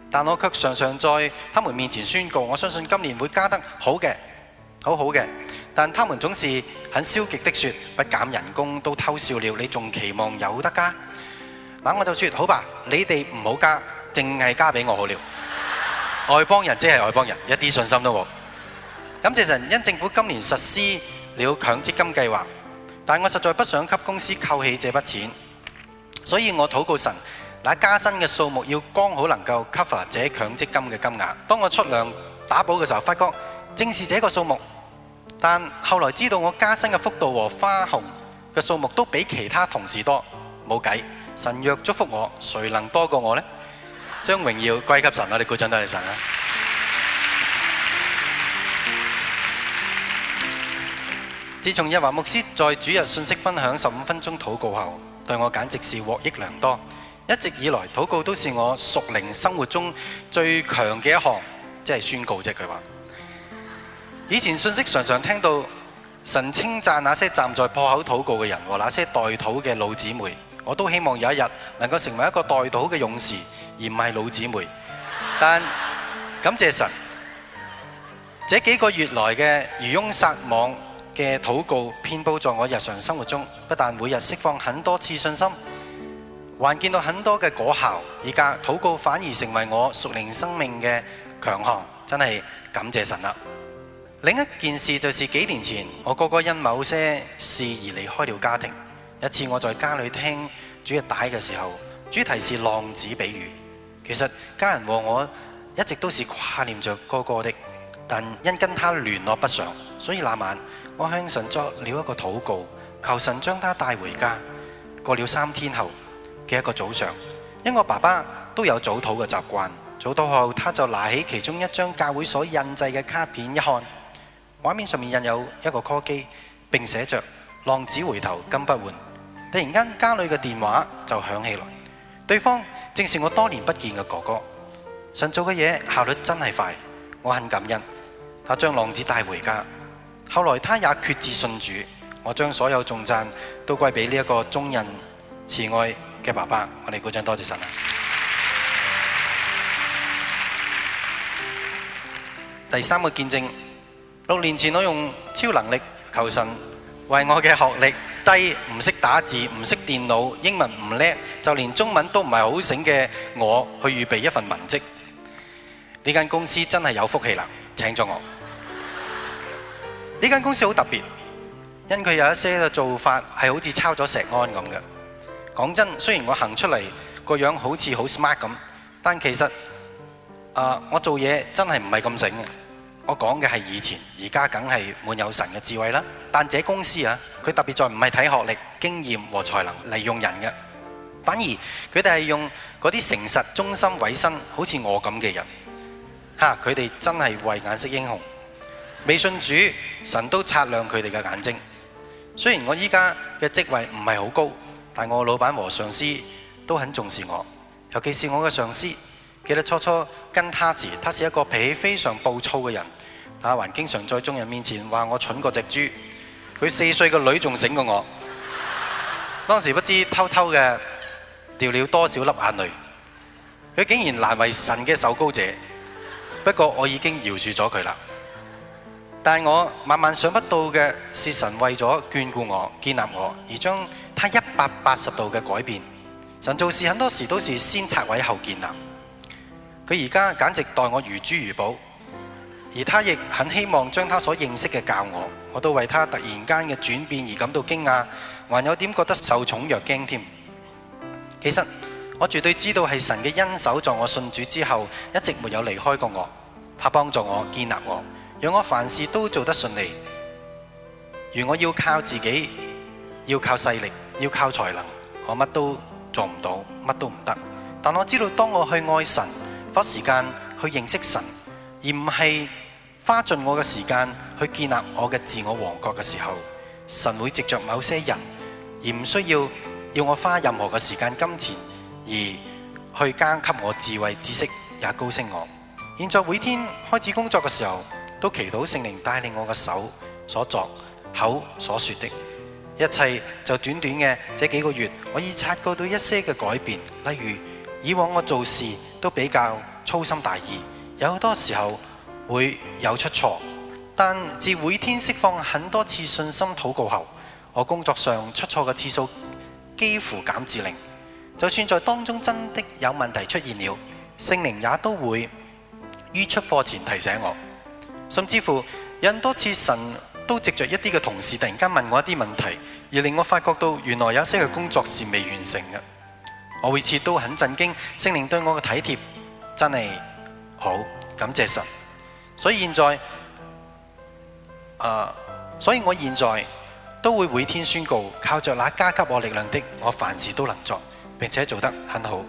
但我卻常常在他們面前宣告：我相信今年會加得好嘅，好好嘅。但係他們總是很消極的説：不減人工都偷笑了，你仲期望有得加？那我就説：好吧，你哋唔好加。淨係加俾我好了，外邦人即係外邦人，一啲信心都冇。感謝神，因政府今年實施了強積金計劃，但我實在不想給公司扣起這筆錢，所以我禱告神，那加薪嘅數目要剛好能夠 cover 這強積金嘅金額。當我出糧打補嘅時候，發覺正是這個數目。但後來知道我加薪嘅幅度和花紅嘅數目都比其他同事多，冇計。神若祝福我，誰能多過我呢？將榮耀歸給神，我哋鼓掌多謝神。自從日華牧師在主日信息分享十五分鐘禱告後，對我簡直是獲益良多。一直以來，禱告都是我屬靈生活中最強嘅一項，即係宣告啫。佢話：以前信息常常聽到神稱讚那些站在破口禱告嘅人，和那些代禱嘅老姊妹。我都希望有一日能夠成為一個代禱嘅勇士，而唔係老姊妹。但感謝神，這幾個月來嘅漁翁撒網嘅禱告，遍布在我日常生活中，不但每日釋放很多次信心，還見到很多嘅果效。而家禱告反而成為我屬靈生命嘅強項，真係感謝神啦！另一件事就是幾年前，我哥哥因某些事而離開了家庭。一次我在家裏聽主日帶嘅時候，主題是浪子比喻。其實家人和我一直都是掛念着哥哥的，但因跟他聯絡不上，所以那晚我向神作了一個禱告，求神將他帶回家。過了三天后嘅一個早上，因為我爸爸都有早禱嘅習慣，早禱後他就拿起其中一張教會所印製嘅卡片一看，畫面上面印有一個 Call 機，並寫着“浪子回頭金不換”。突然間，家裏嘅電話就響起來，對方正是我多年不見嘅哥哥。想做嘅嘢效率真係快，我很感恩。他將浪子帶回家，後來他也決志信主。我將所有頌讚都歸給呢一個忠信慈愛嘅爸爸。我哋鼓掌，多謝神啊！第三個見證，六年前我用超能力求神。為我嘅學歷低、唔識打字、唔識電腦、英文唔叻，就連中文都唔係好醒嘅我，去預備一份文職。呢間公司真係有福氣啦，請咗我。呢間公司好特別，因佢有一些嘅做法係好似抄咗石安咁嘅。講真，雖然我行出嚟個樣好似好 smart 咁，但其實啊，我做嘢真係唔係咁醒嘅。我講嘅係以前，而家梗係滿有神嘅智慧啦。但這公司啊，佢特別在唔係睇學歷、經驗和才能嚟用人嘅，反而佢哋係用嗰啲誠實、忠心、委身，好似我咁嘅人嚇。佢哋真係慧眼識英雄。未信主，神都擦亮佢哋嘅眼睛。雖然我依家嘅職位唔係好高，但我老闆和上司都很重視我，尤其是我嘅上司。記得初初跟他時，他是一個脾氣非常暴躁嘅人。他、啊、還經常在眾人面前話我蠢過隻豬，佢四歲的女仲醒過我。當時不知偷偷嘅掉了多少粒眼淚。佢竟然難為神嘅受膏者，不過我已經饒恕咗佢啦。但我萬萬想不到嘅是神為咗眷顧我、建立我，而將他一百八十度嘅改變。神做事很多時都是先拆毀後建立。佢而家簡直待我如珠如寶。而他亦很希望將他所認識嘅教我，我都為他突然間嘅轉變而感到驚訝，還有點覺得受寵若驚添。其實我絕對知道係神嘅恩手，在我信主之後一直沒有離開過我，他幫助我，建立我，讓我凡事都做得順利。如我要靠自己，要靠勢力，要靠才能，我乜都做唔到，乜都唔得。但我知道當我去愛神，花時間去認識神，而唔係花盡我嘅時間去建立我嘅自我王國嘅時候，神會藉着某些人，而唔需要要我花任何嘅時間金錢而去加給我智慧、知識，也高升我。現在每天開始工作嘅時候，都祈禱聖靈帶領我嘅手所作、口所說的一切。就短短嘅這幾個月，我已察覺到一些嘅改變，例如以往我做事都比較粗心大意。有好多時候會有出錯，但自每天釋放很多次信心禱告後，我工作上出錯嘅次數幾乎減至零。就算在當中真的有問題出現了，聖靈也都會於出貨前提醒我。甚至乎有多次神都藉着一啲嘅同事突然間問我一啲問題，而令我發覺到原來有些嘅工作是未完成嘅。我每次都很震驚，聖靈對我嘅體貼真係～好，感謝神。所以現在，啊、呃，所以我現在都會每天宣告，靠着那加給我力量的，我凡事都能做，並且做得很好。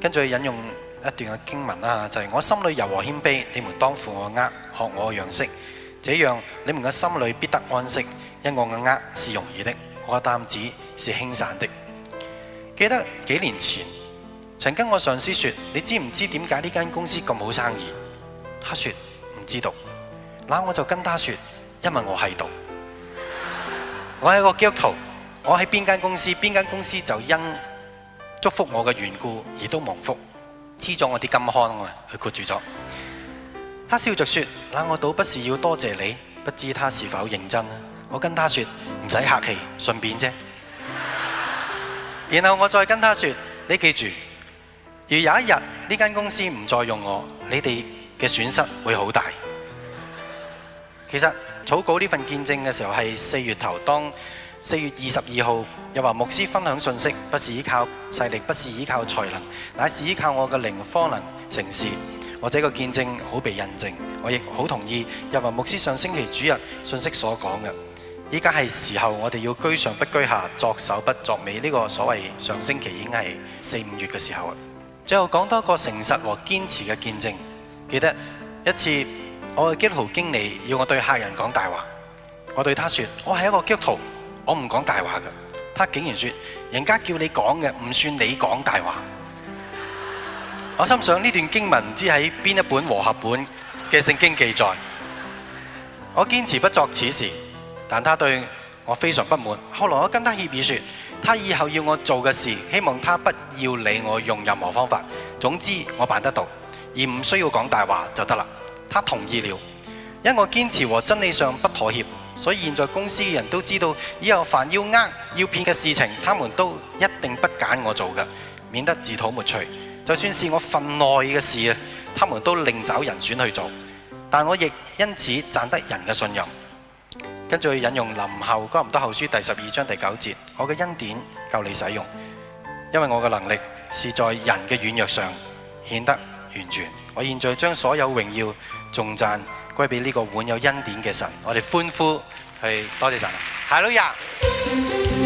跟住引用一段嘅經文啦，就係、是、我心裏柔和謙卑，你們當負我軛，學我嘅樣式，這樣你們嘅心裏必得安息，因我嘅軛是容易的，我嘅擔子是輕省的。記得幾年前，曾經跟我上司說，你知唔知點解呢間公司咁好生意？他說唔知道。那我就跟他說，因為我喺度。我係個基督徒，我喺邊間公司，邊間公司就因祝福我嘅緣故而都蒙福，黐咗我啲金礦啊，佢括住咗。他笑着說那我倒不是要多謝你，不知他是否認真。我跟佢說唔使客氣，順便啫。然後我再跟佢說你記住。如有一日呢間公司唔再用我，你哋嘅損失會好大。其實草稿呢份見證嘅時候係四月頭當，四月二十二號日華牧師分享信息，不是依靠勢力，不是依靠才能，乃是依靠我嘅靈方能成事。我這個見證好被印證，我亦好同意日華牧師上星期主日信息所講嘅。依家係時候，我哋要居上不居下，作首不作尾。呢個所謂上星期已經係四五月嘅時候。最後講多個誠實和堅持嘅見證。記得一次，我嘅基督徒經理要我對客人講大話，我對他說：我係一個基督徒，我唔講大話噶。他竟然說：人家叫你講嘅，唔算你講大話。我心想，呢段經文唔知喺邊一本和合本嘅聖經記載。我堅持不作此事，但他對我非常不滿。後來我跟他協議說。他以後要我做嘅事，希望他不要理我用任何方法，總之我辦得到，而唔需要講大話就得了。他同意了，因為我堅持和真理上不妥協，所以現在公司嘅人都知道，以後凡要呃要騙嘅事情，他們都一定不揀我做的，免得自討沒趣。就算是我份內嘅事，他們都另找人選去做，但我亦因此賺得人嘅信任。跟住引用林後哥林多後書第十二章第九節，我嘅恩典夠你使用，因為我嘅能力是在人嘅軟弱上顯得完全。我現在將所有榮耀、頌讚歸俾呢個滿有恩典嘅神。我哋歡呼，去多謝神，哈利亞！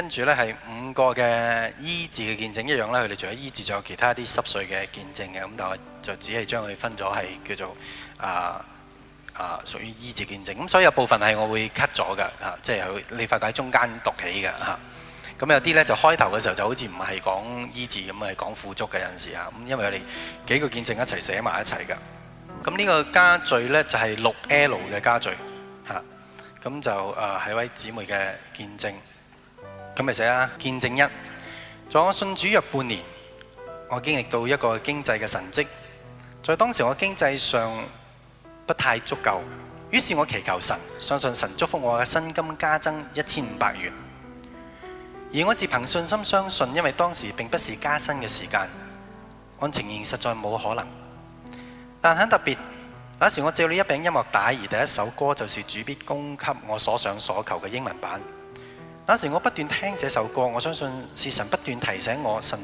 跟住咧係五個嘅醫治嘅見證一樣啦，佢哋除咗醫治，仲有其他啲濕碎嘅見證嘅，咁但係就只係將佢分咗係叫做啊啊屬於醫治見證，咁所以有部分係我會 cut 咗噶，即係佢你發覺喺中間讀起嘅咁、啊、有啲咧就開頭嘅時候就好似唔係講醫治咁，係講富足嘅陣時啊，咁因為佢哋幾個見證一齊寫埋一齊噶，咁呢個家序咧就係、是、六 L 嘅家序咁、啊、就係、啊、位姊妹嘅見證。咁咪寫啊，見證一，在我信主約半年，我經歷到一個經濟嘅神蹟。在當時我經濟上不太足夠，於是，我祈求神，相信神祝福我嘅薪金加增一千五百元。而我自憑信心相信，因為當時並不是加薪嘅時間，按情理實在冇可能。但很特別，那時我借了一柄音樂帶，而第一首歌就是主必供給我所想所求嘅英文版。嗰時我不斷聽這首歌，我相信是神不斷提醒我，神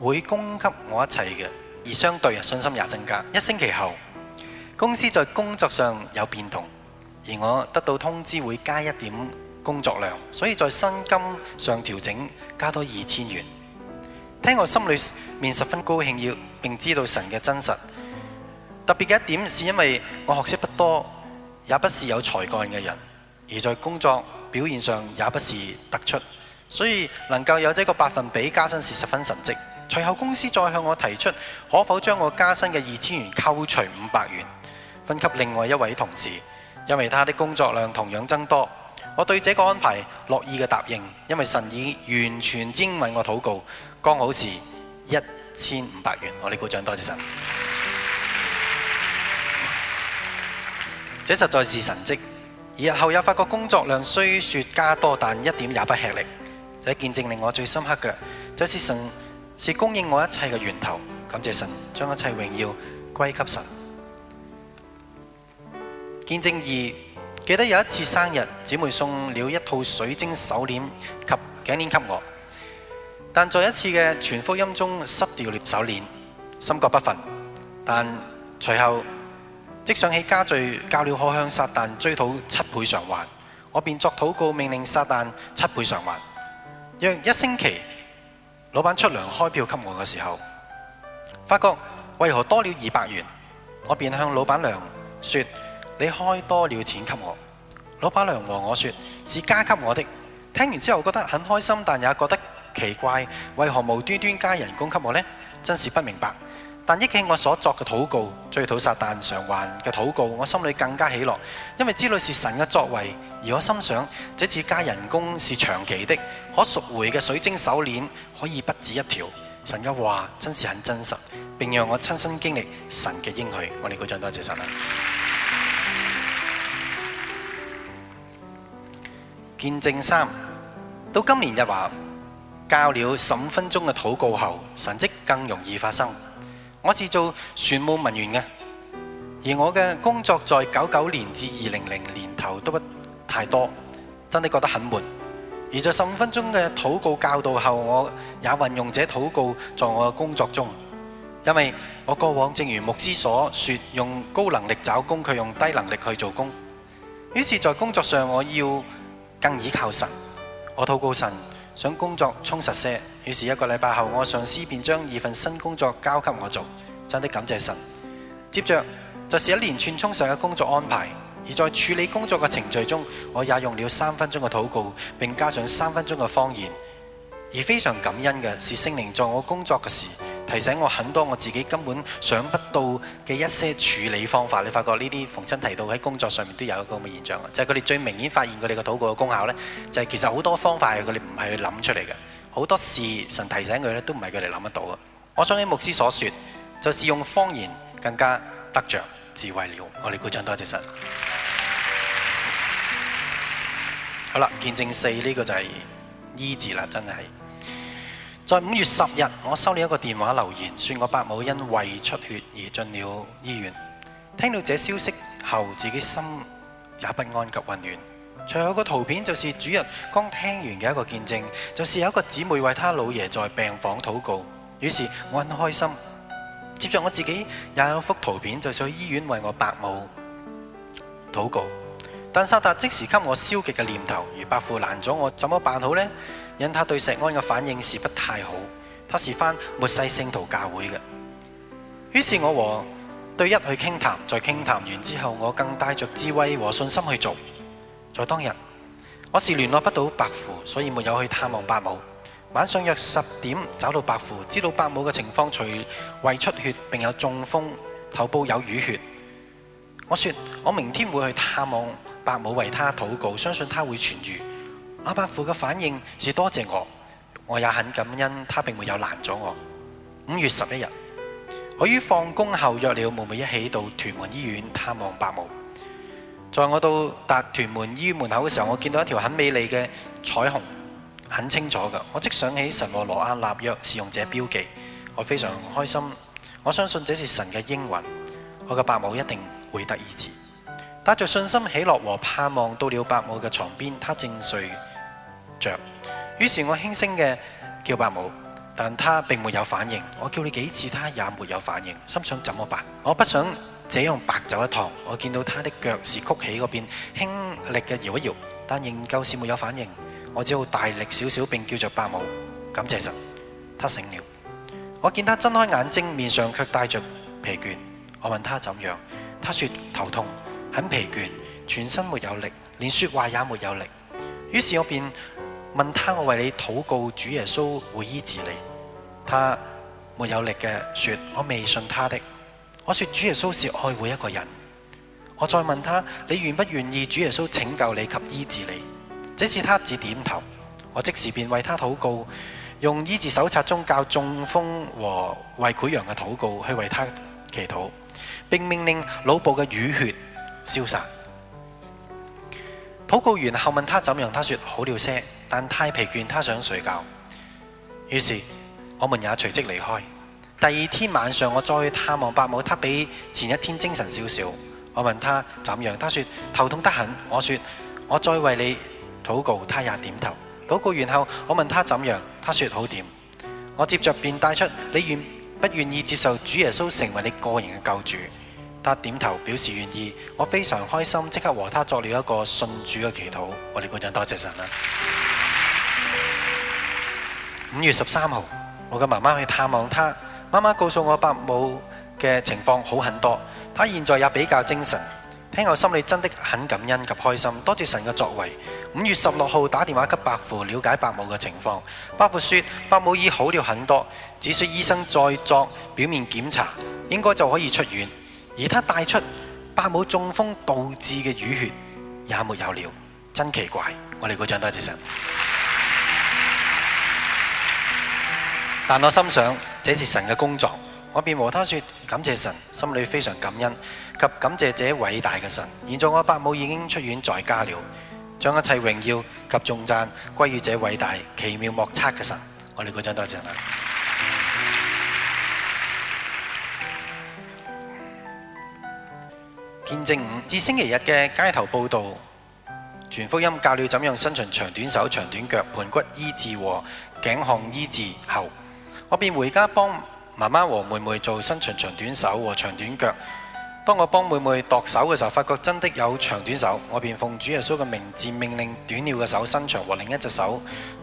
會供給我一切嘅，而相對信心也增加。一星期後，公司在工作上有變動，而我得到通知會加一點工作量，所以在薪金上調整加多二千元。聽我心裏面十分高興，要並知道神嘅真實。特別嘅一點是因為我學識不多，也不是有才幹嘅人，而在工作，表現上也不是突出，所以能夠有這個百分比加薪是十分神蹟。隨後公司再向我提出，可否將我加薪嘅二千元扣除五百元，分給另外一位同事，因為他的工作量同樣增多。我對這個安排樂意嘅答應，因為神已完全應允我禱告。剛好是一千五百元。我哋鼓掌多謝神。這實在是神蹟。日後又發覺工作量雖說加多，但一點也不吃力。這見證令我最深刻嘅，就是神是供應我一切嘅源頭。感謝神，將一切榮耀歸給神。見證二，記得有一次生日，姊妹送了一套水晶手鏈及頸鏈給我，但在一次嘅傳福音中失掉了手鏈，心覺不忿，但隨後，即想起家具教了可向撒旦追討七倍償還，我便作禱告命令撒旦七倍償還。約一星期，老闆出糧開票給我嘅時候，發覺為何多了二百元，我便向老闆娘說：你開多了錢給我。老闆娘和我說：是加給我的。聽完之後覺得很開心，但也覺得奇怪，為何無端端加人工給我呢？真是不明白。但憶起我所作嘅禱告，追討撒但償還嘅禱告，我心裏更加喜樂，因為知道是神嘅作為。而我心想，這次加人工是長期的，可贖回嘅水晶手鏈可以不止一條。神嘅話真是很真實，並讓我親身經歷神嘅應許。我哋鼓掌，多謝神啦！見證三，到今年日華教了十五分鐘嘅禱告後，神蹟更容易發生。我是做船務文員嘅，而我嘅工作在九九年至二零零年頭都不太多，真的覺得很悶。而在十五分鐘嘅禱告教導後，我也運用這禱告在我嘅工作中，因為我過往正如牧師所說，用高能力找工，佢用低能力去做工。於是，在工作上我要更依靠神，我禱告神，想工作充實些。於是一個禮拜後，我上司便將二份新工作交給我做，真的感謝神。接着就是一連串充實嘅工作安排，而在處理工作嘅程序中，我也用了三分鐘嘅禱告，並加上三分鐘嘅方言。而非常感恩嘅是，聖靈在我工作嘅時，提醒我很多我自己根本想不到嘅一些處理方法。你發覺呢啲，逢親提到喺工作上面都有一個咁嘅現象，就係佢哋最明顯發現佢哋嘅禱告嘅功效呢，就係、是、其實好多方法係佢哋唔係去諗出嚟嘅。好多事神提醒佢咧，都唔係佢哋諗得到嘅。我想起牧師所說，就是用方言更加得着智慧了。我哋鼓掌多謝神。好啦，見證四呢、這個就係醫治啦，真係。在五月十日，我收了一個電話留言，說我伯母因胃出血而進了醫院。聽到這消息後，自己心也不安及混亂。仲有個圖片，就是主日剛聽完嘅一個見證，就是有一個姊妹為他老爺在病房禱告。於是我很開心。接着我自己也有幅圖片，就去醫院為我伯母禱告。但撒旦即時給我消極嘅念頭，如伯父攔咗我，怎麼辦好呢？因他對石安嘅反應是不太好，他是返末世聖徒教會嘅。於是我和對一去傾談，在傾談完之後，我更帶著智慧和信心去做。我當日，我是聯絡不到伯父，所以沒有去探望伯母。晚上約十點找到伯父，知道伯母嘅情況，除胃出血，並有中風，頭部有淤血。我說：我明天會去探望伯母，為她禱告，相信他會痊愈。阿伯父嘅反應是多謝我，我也很感恩，他並沒有攔咗我。五月十一日，我於放工後約了妹妹一起到屯門醫院探望伯母。在我到達屯門醫院門口嘅時候，我見到一條很美麗嘅彩虹，很清楚㗎。我即想起神和挪亞立約，是用這標記。我非常開心，我相信這是神嘅應允，我嘅伯母一定會得醫治。帶著信心、喜樂和盼望，到了伯母嘅床邊，她正睡着。於是，我輕聲嘅叫伯母，但她並沒有反應。我叫你幾次，她也沒有反應。心想怎麼辦？我不想。這樣白走一趟，我見到他的腳是曲起嗰邊，輕力嘅搖一搖，但仍舊是沒有反應。我只好大力少少並叫著伯母，感謝神，他醒了。我見他睜開眼睛，面上卻帶着疲倦。我問他怎樣，他說頭痛，很疲倦，全身沒有力，連說話也沒有力。於是，我便問他：我為你禱告，主耶穌會醫治你。他沒有力嘅，說：我未信他的。我說主耶穌是愛護一個人，我再問他你願不願意主耶穌拯救你及醫治你？這次他只點頭，我即時便為他禱告，用醫治手冊中教中風和胃潰瘍嘅禱告去為他祈禱，並命令腦部嘅淤血消散。禱告完後問他怎樣，他說好了些，但太疲倦，他想睡覺。於是我們也隨即離開。第二天晚上，我再去探望伯母，她比前一天精神少少。我問她怎樣，她說頭痛得很。我說我再為你禱告，她也點頭。禱告完後，我問她怎樣，她說好點。我接着便帶出你願不願意接受主耶穌成為你個人嘅救主，她點頭表示願意。我非常開心，即刻和她作了一個信主嘅祈禱。我哋嗰陣多謝神啦！五月十三號，我嘅媽媽去探望她。媽媽告訴我，伯母嘅情況好很多，她現在也比較精神。聽後，心裏真的很感恩及開心，多謝神嘅作為。五月十六號，打電話給伯父，了解伯母嘅情況，伯父說伯母已好了很多，只需醫生再作表面檢查，應該就可以出院。而他帶出伯母中風導致嘅淤血也沒有了，真奇怪。我哋鼓掌多謝神。但我心想。這是神嘅工作，我便和他說感謝神，心裏非常感恩及感謝這偉大嘅神。現在我伯母已經出院在家了，將一切榮耀及重讚歸於這偉大奇妙莫測嘅神。我哋鼓掌多謝啦！見證五至星期日嘅街頭報道，全福音教女怎樣身長長短手長短腳盤骨醫治和頸項醫治後。我便回家幫媽媽和妹妹做伸長長短手和長短腳。當我幫妹妹度手嘅時候，發覺真的有長短手。我便奉主耶穌嘅名字命令短了嘅手伸長，和另一隻手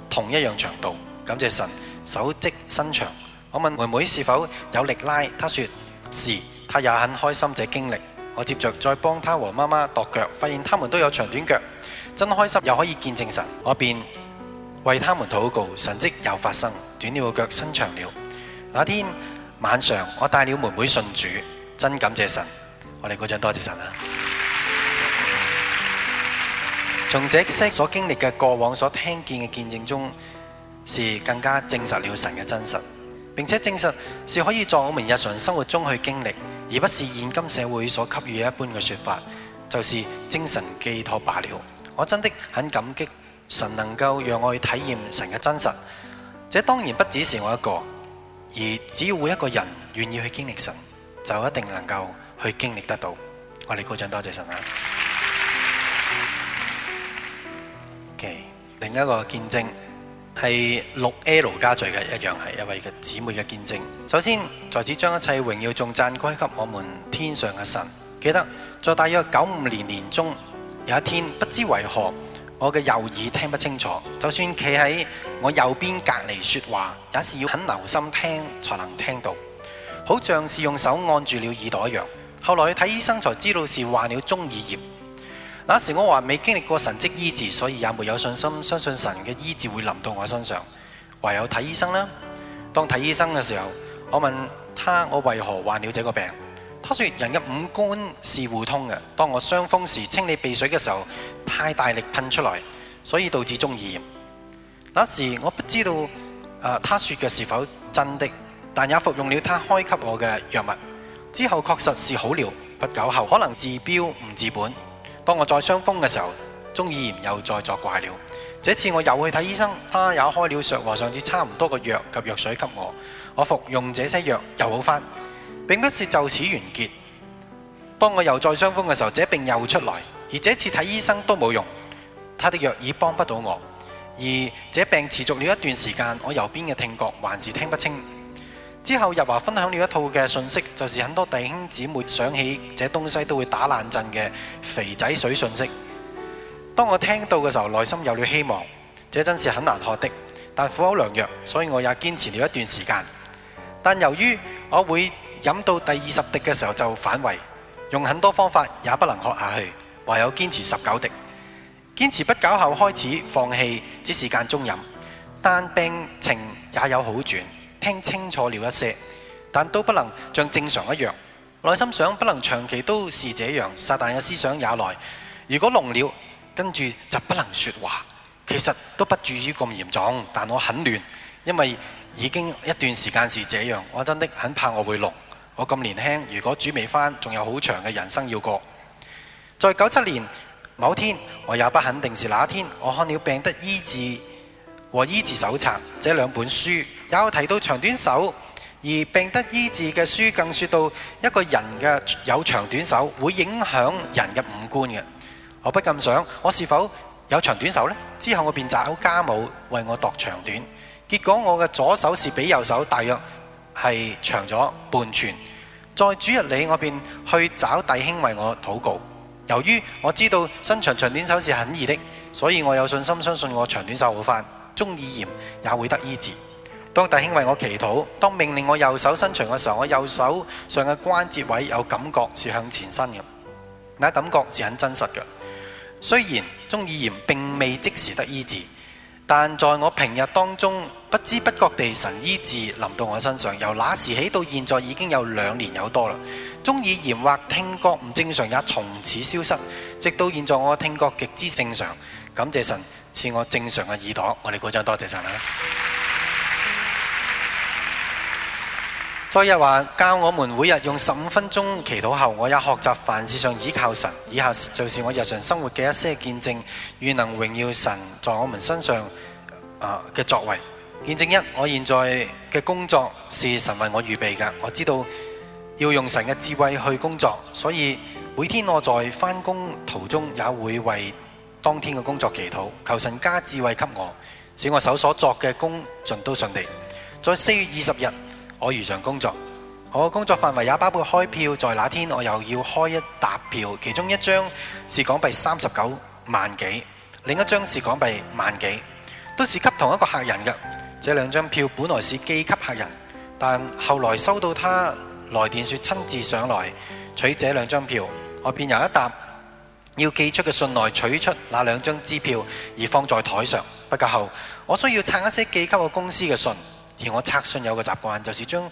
同一樣長度。感謝神，手即伸長。我問妹妹是否有力拉，她說是，她也很開心這經歷。我接着再幫她和媽媽度腳，發現他們都有長短腳，真開心又可以見證神。我便為他們禱告，神跡又發生。短了個腳，伸長了。那天晚上，我帶了妹妹信主，真感謝神。我哋鼓掌，多謝神啊！從這些所經歷嘅過往、所聽見嘅見證中，是更加證實了神嘅真實。並且證實是可以在我們日常生活中去經歷，而不是現今社會所給予一般嘅說法，就是精神寄託罷了。我真的很感激神能夠讓我去體驗神嘅真實。這當然不只是我一個，而只要每一個人願意去經歷神，就一定能夠去經歷得到。我哋鼓掌，多謝神啊！OK，另一個見證係六 L 家聚嘅一樣係一位嘅姊妹嘅見證。首先，在此將一切榮耀仲讚歸給我們天上嘅神。記得在大約九五年年中，有一天，不知為何。我嘅右耳聽不清楚，就算企喺我右邊隔離說話，也是要很留心聽才能聽到，好像是用手按住了耳朵一樣。後來去睇醫生，才知道是患了中耳炎。那時我還未經歷過神蹟醫治，所以也沒有信心相信神嘅醫治會臨到我身上，唯有睇醫生啦。當睇醫生嘅時候，我問他我為何患了這個病。他說人嘅五官是互通嘅，當我傷風時清理鼻水嘅時候太大力噴出來所以導致中耳炎。那時我不知道，呃，他說嘅是否真的，但也服用了他開給我嘅藥物。之後確實是好了，不久後可能治標唔治本。當我再傷風嘅時候，中耳炎又再作怪了。這次我又去睇醫生，他也開了藥和上次差唔多嘅藥及藥水給我，我服用這些藥又好返。並不是就此完結。當我又再傷風嘅時候，這病又出來，而這次睇醫生都冇用，他的藥已幫不到我。而這病持續了一段時間，我右邊嘅聽覺還是聽不清。之後日華分享了一套嘅信息，就是很多弟兄姊妹想起這東西都會打冷震嘅肥仔水信息。當我聽到嘅時候，內心有了希望。這真是很難喝的，但苦口良藥，所以我也堅持了一段時間。但由於我會飲到第二十滴嘅時候就反胃，用很多方法也不能喝下去，唯有堅持十九滴。堅持不久後開始放棄，只是間中飲，但病情也有好轉，聽清楚了一些，但都不能像正常一樣。內心想不能長期都是這樣，撒旦嘅思想也來。如果聾了，跟住就不能說話。其實都不至於咁嚴重，但我很亂，因為已經一段時間是這樣，我真的很怕我會聾。我咁年輕，如果主未返，仲有好長嘅人生要過。在九七年某天，我也不肯定是哪一天，我看了《病得醫治》和《醫治手冊》這兩本書，也有提到長短手。而《病得醫治》嘅書更説到一個人嘅有長短手會影響人嘅五官嘅。我不禁想，我是否有長短手呢？之後我便找家母為我度長短，結果我嘅左手是比右手大約，係長咗半寸，在主日裡我便去找弟兄為我禱告。由於我知道伸長長短手是很易的，所以我有信心相信我長短手好返，中耳炎也會得醫治。當弟兄為我祈禱，當命令我右手伸長嘅時候，我右手上嘅關節位有感覺是向前伸嘅，那感覺是很真實嘅。雖然中耳炎並未即時得醫治。但在我平日當中，不知不覺地神醫治臨到我身上，由那時起到現在已經有兩年有多啦。中耳炎或聽覺唔正常也從此消失，直到現在我嘅聽覺極之正常。感謝神賜我正常嘅耳朵。我哋鼓掌多謝神啊！在日華，教我們每日用十五分鐘祈禱後，我也學習凡事上倚靠神。以下就是我日常生活嘅一些見證，願能榮耀神在我們身上誒嘅作為。見證一，我現在嘅工作是神為我預備嘅，我知道要用神嘅智慧去工作，所以每天我在返工途中也會為當天嘅工作祈禱，求神加智慧給我，使我手所作嘅工盡都順利。在四月二十日。我如常工作，我的工作範圍也包括開票。在那天，我又要開一沓票，其中一張是港幣三十九萬幾，另一張是港幣萬幾，都是給同一個客人嘅。這兩張票本來是寄給客人，但後來收到他來電說親自上來取這兩張票，我便由一沓要寄出嘅信來取出那兩張支票，而放在台上。不久後，我需要拆一些寄給我公司嘅信。而我拆信有個習慣，就是將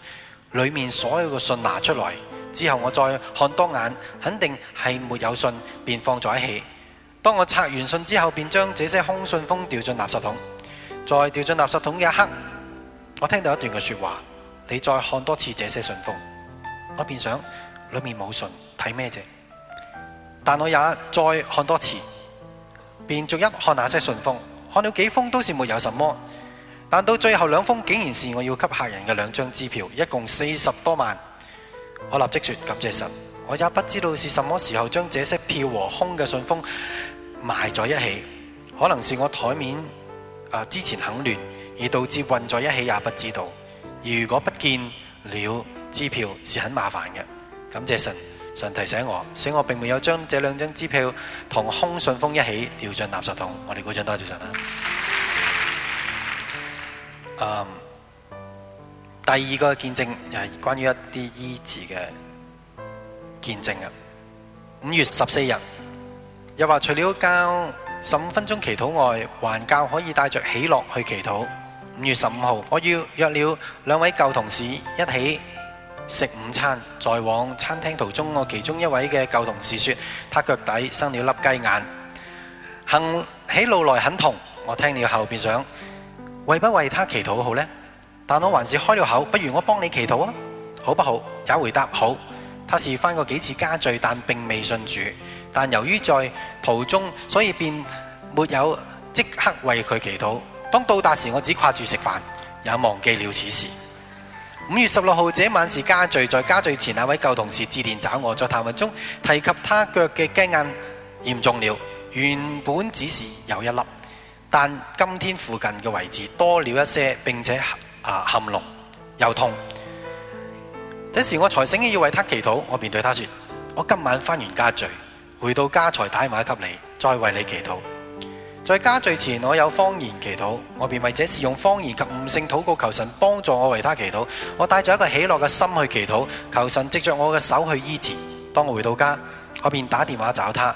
裏面所有嘅信拿出來，之後我再看多眼，肯定係沒有信，便放在一起。當我拆完信之後，便將這些空信封掉進垃圾桶。再掉進垃圾桶一刻，我聽到一段嘅說話，你再看多次這些信封。我便想裏面冇信，睇咩啫？但我也再看多次，便逐一看那些信封，看了幾封都是沒有什麼。但到最後兩封，竟然是我要給客人嘅兩張支票，一共四十多萬。我立即說感謝神。我也不知道是什麼時候將這些票和空嘅信封埋在一起，可能是我台面啊之前很亂，而導致混在一起，也不知道。如果不見了支票是很麻煩嘅。感謝神，神提醒我，使我並沒有將這兩張支票同空信封一起掉進垃圾桶。我哋鼓掌多謝神啦！Um, 第二個見證又係關於一啲醫治嘅見證。五月十四日又話除了教十五分鐘祈禱外，還教可以帶着喜樂去祈禱。五月十五號，我要約了兩位舊同事一起食午餐，在往餐廳途中，我其中一位嘅舊同事說他腳底生了粒雞眼，行起路來很痛。我聽了後便想。為不為他祈禱好呢？但我還是開了口，不如我幫你祈禱啊，好不好？也回答好。他是返過幾次家聚，但並未信主。但由於在途中，所以便沒有即刻為佢祈禱。當到達時，我只掛住食飯，也忘記了此事。五月十六號這晚是家聚，在家聚前，那位舊同事致電找我，在談話中提及他腳嘅雞眼嚴重了，原本只是有一粒。但今天附近嘅位置多了一些，並且啊含膿又痛。這時我才醒起要為他祈禱，我便對他說：“我今晚翻完家聚，回到家才打電話給你，再為你祈禱。聚”在家聚前我有方言祈禱，我便為這事用方言及悟性禱告求神幫助我為他祈禱。我帶着一個喜樂嘅心去祈禱，求神藉着我嘅手去醫治。當我回到家，我便打電話找他。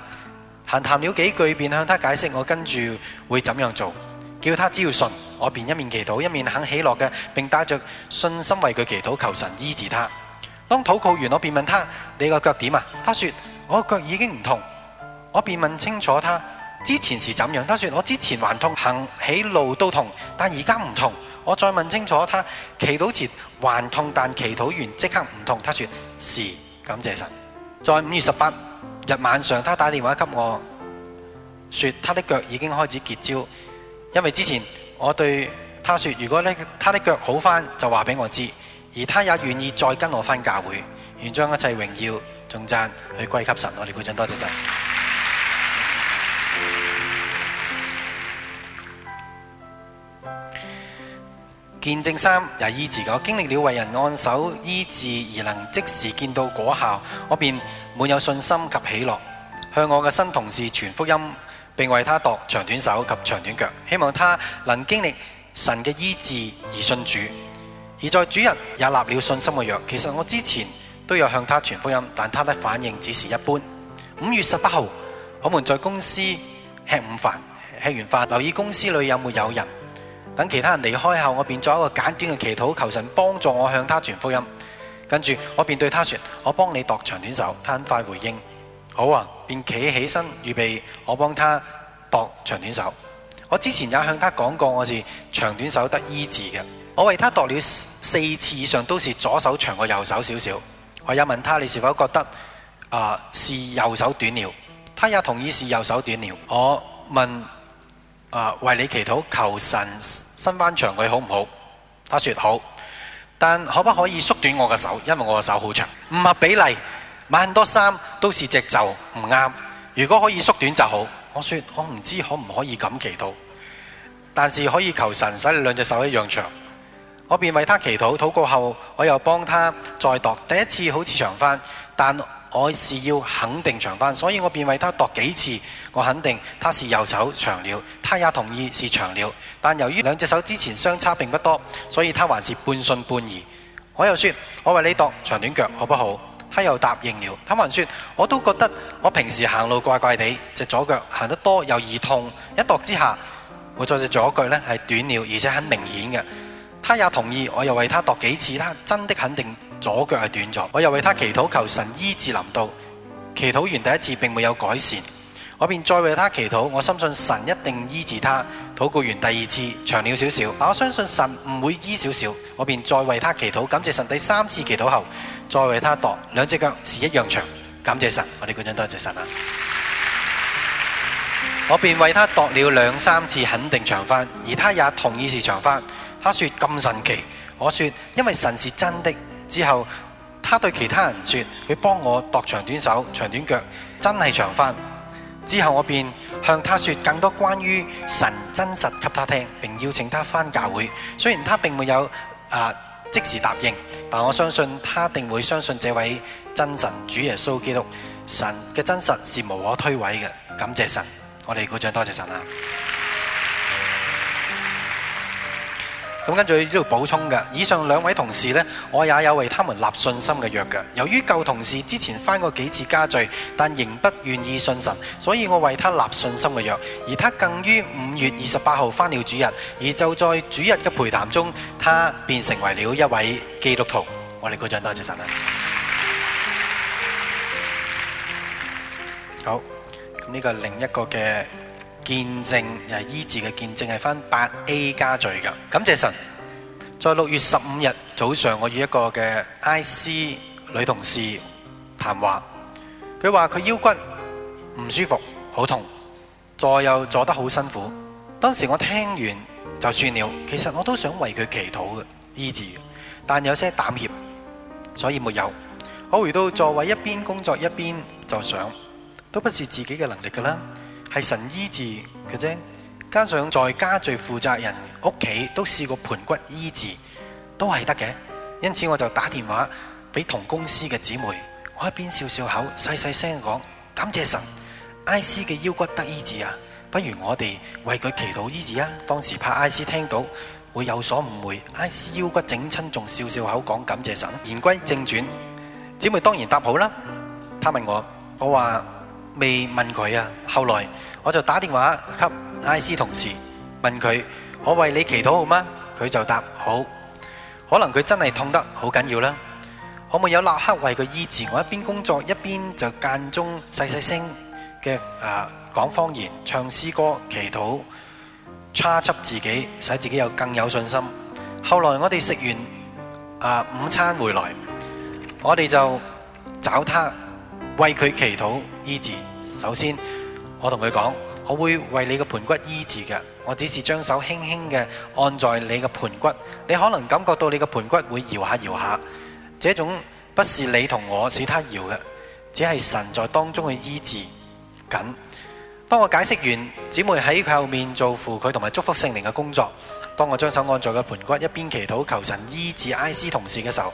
閒談了幾句，便向他解釋我跟住會怎樣做，叫他只要信，我便一面祈禱一面肯起落嘅，並帶着信心為佢祈禱，求神醫治他。當禱告完，我便問他，你個腳點啊？他說，我腳已經唔痛。我便問清楚他之前是怎樣。他說，我之前還痛，行起路都痛，但而家唔痛。我再問清楚他祈禱前還痛，但祈禱完即刻唔痛。他說，是，感謝神。在五月十八日晚上，他打電話給我，說他的腳已經開始結焦，因為之前我對他說，如果呢他的腳好返，就話俾我知，而他也願意再跟我返教會，願將一切榮耀、頌讚去歸給神。我哋鼓掌，多謝晒。見證三又醫治我，經歷了為人按手醫治而能即時見到果效，我便滿有信心及喜樂。向我嘅新同事傳福音，並為他度長短手及長短腳，希望他能經歷神嘅醫治而信主。而在主人也立了信心嘅約。其實我之前都有向他傳福音，但他的反應只是一般。五月十八號，我們在公司吃午飯，吃完飯留意公司裏有沒有，有人。等其他人離開後，我便做一個簡短嘅祈禱，求神幫助我向他傳福音。跟住我便對他説：我幫你度長短手。他很快回應：好啊！便企起身，預備我幫他度長短手。我之前也向他講過，我是長短手得醫治嘅。我為他度了四次以上，都是左手長過右手少少。我又問他：你是否覺得啊、呃、是右手短了？他也同意是右手短了。我問啊、呃、為你祈禱，求神。伸翻長佢好唔好？他說好，但可不可以縮短我嘅手？因為我嘅手好長，唔合比例。買很多衫都是直袖，唔啱。如果可以縮短就好。我說我唔知可唔可以咁祈禱，但是可以求神使你兩隻手一樣長。我便為他祈禱，禱告後我又幫他再度。第一次好似長翻，但我是要肯定長翻，所以我便為他度幾次，我肯定他是右手長了，他也同意是長了。但由於兩隻手之前相差並不多，所以他還是半信半疑。我又說：我為你度長短腳，好不好？他又答應了。他還說，我都覺得我平時行路怪怪地，隻左腳行得多又易痛。一度之下，我再隻左腳呢係短了，而且很明顯嘅。他也同意，我又為他度幾次，他真的肯定。左腳係短咗，我又為他祈禱，求神醫治臨到。祈禱完第一次並沒有改善，我便再為他祈禱。我深信神一定醫治他。禱告完第二次長了少少，但我相信神唔會醫少少，我便再為他祈禱。感謝神第三次祈禱後，再為他度兩隻腳是一樣長。感謝神，我哋鼓掌多謝神啊！ 我便為他度了兩三次，肯定長翻，而他也同意是長翻。他說咁神奇，我說因為神是真的。之後，他對其他人說：佢幫我度長短手、長短腳，真係長翻。之後我便向他說更多關於神真實給他聽，並邀請他翻教會。雖然他並沒有啊即時答應，但我相信他定會相信這位真神主耶穌基督神嘅真實是無可推諉嘅。感謝神，我哋鼓掌，多謝神啊！咁跟住呢度補充嘅，以上兩位同事呢，我也有為他們立信心嘅約嘅。由於舊同事之前返過幾次家聚，但仍不願意信神，所以我為他立信心嘅約。而他更於五月二十八號返了主日，而就在主日嘅陪談中，他便成為了一位基督徒。我哋鼓掌，多謝神啊！好，呢、這個另一個嘅。見證又係醫治嘅見證，係翻八 A 加罪噶。感謝神，在六月十五日早上，我與一個嘅 IC 女同事談話，佢話佢腰骨唔舒服，好痛，坐又坐得好辛苦。當時我聽完就算了，其實我都想為佢祈禱嘅醫治，但有些膽怯，所以沒有。我回到座位一邊工作一邊就想，都不是自己嘅能力噶啦。係神醫治嘅啫，加上在家最負責人屋企都試過盆骨醫治，都係得嘅，因此我就打電話俾同公司嘅姊妹，我一邊笑笑口細細聲講感謝神，I C 嘅腰骨得醫治啊，不如我哋為佢祈禱醫治啊？當時怕 I C 聽到會有所誤會，I C 腰骨整親仲笑笑口講感謝神。言歸正傳，姐妹當然答好啦。他問我，我話。未問佢啊，後來我就打電話給 IC 同事問佢：我為你祈禱好嗎？佢就答好。可能佢真係痛得好緊要啦，可唔可以有立刻為佢醫治？我一邊工作一邊就間中細細聲嘅誒講方言、唱詩歌、祈禱、叉輯自己，使自己有更有信心。後來我哋食完啊午餐回來，我哋就找他。為佢祈禱醫治，首先我同佢講，我會為你嘅盆骨醫治嘅，我只是將手輕輕嘅按在你嘅盆骨，你可能感覺到你嘅盆骨會搖下搖下，這種不是你同我使他搖嘅，只係神在當中嘅醫治緊。當我解釋完，姊妹喺佢後面做扶佢同埋祝福聖靈嘅工作。當我將手按在嘅盆骨一邊祈禱求神醫治 I C 同事嘅時候。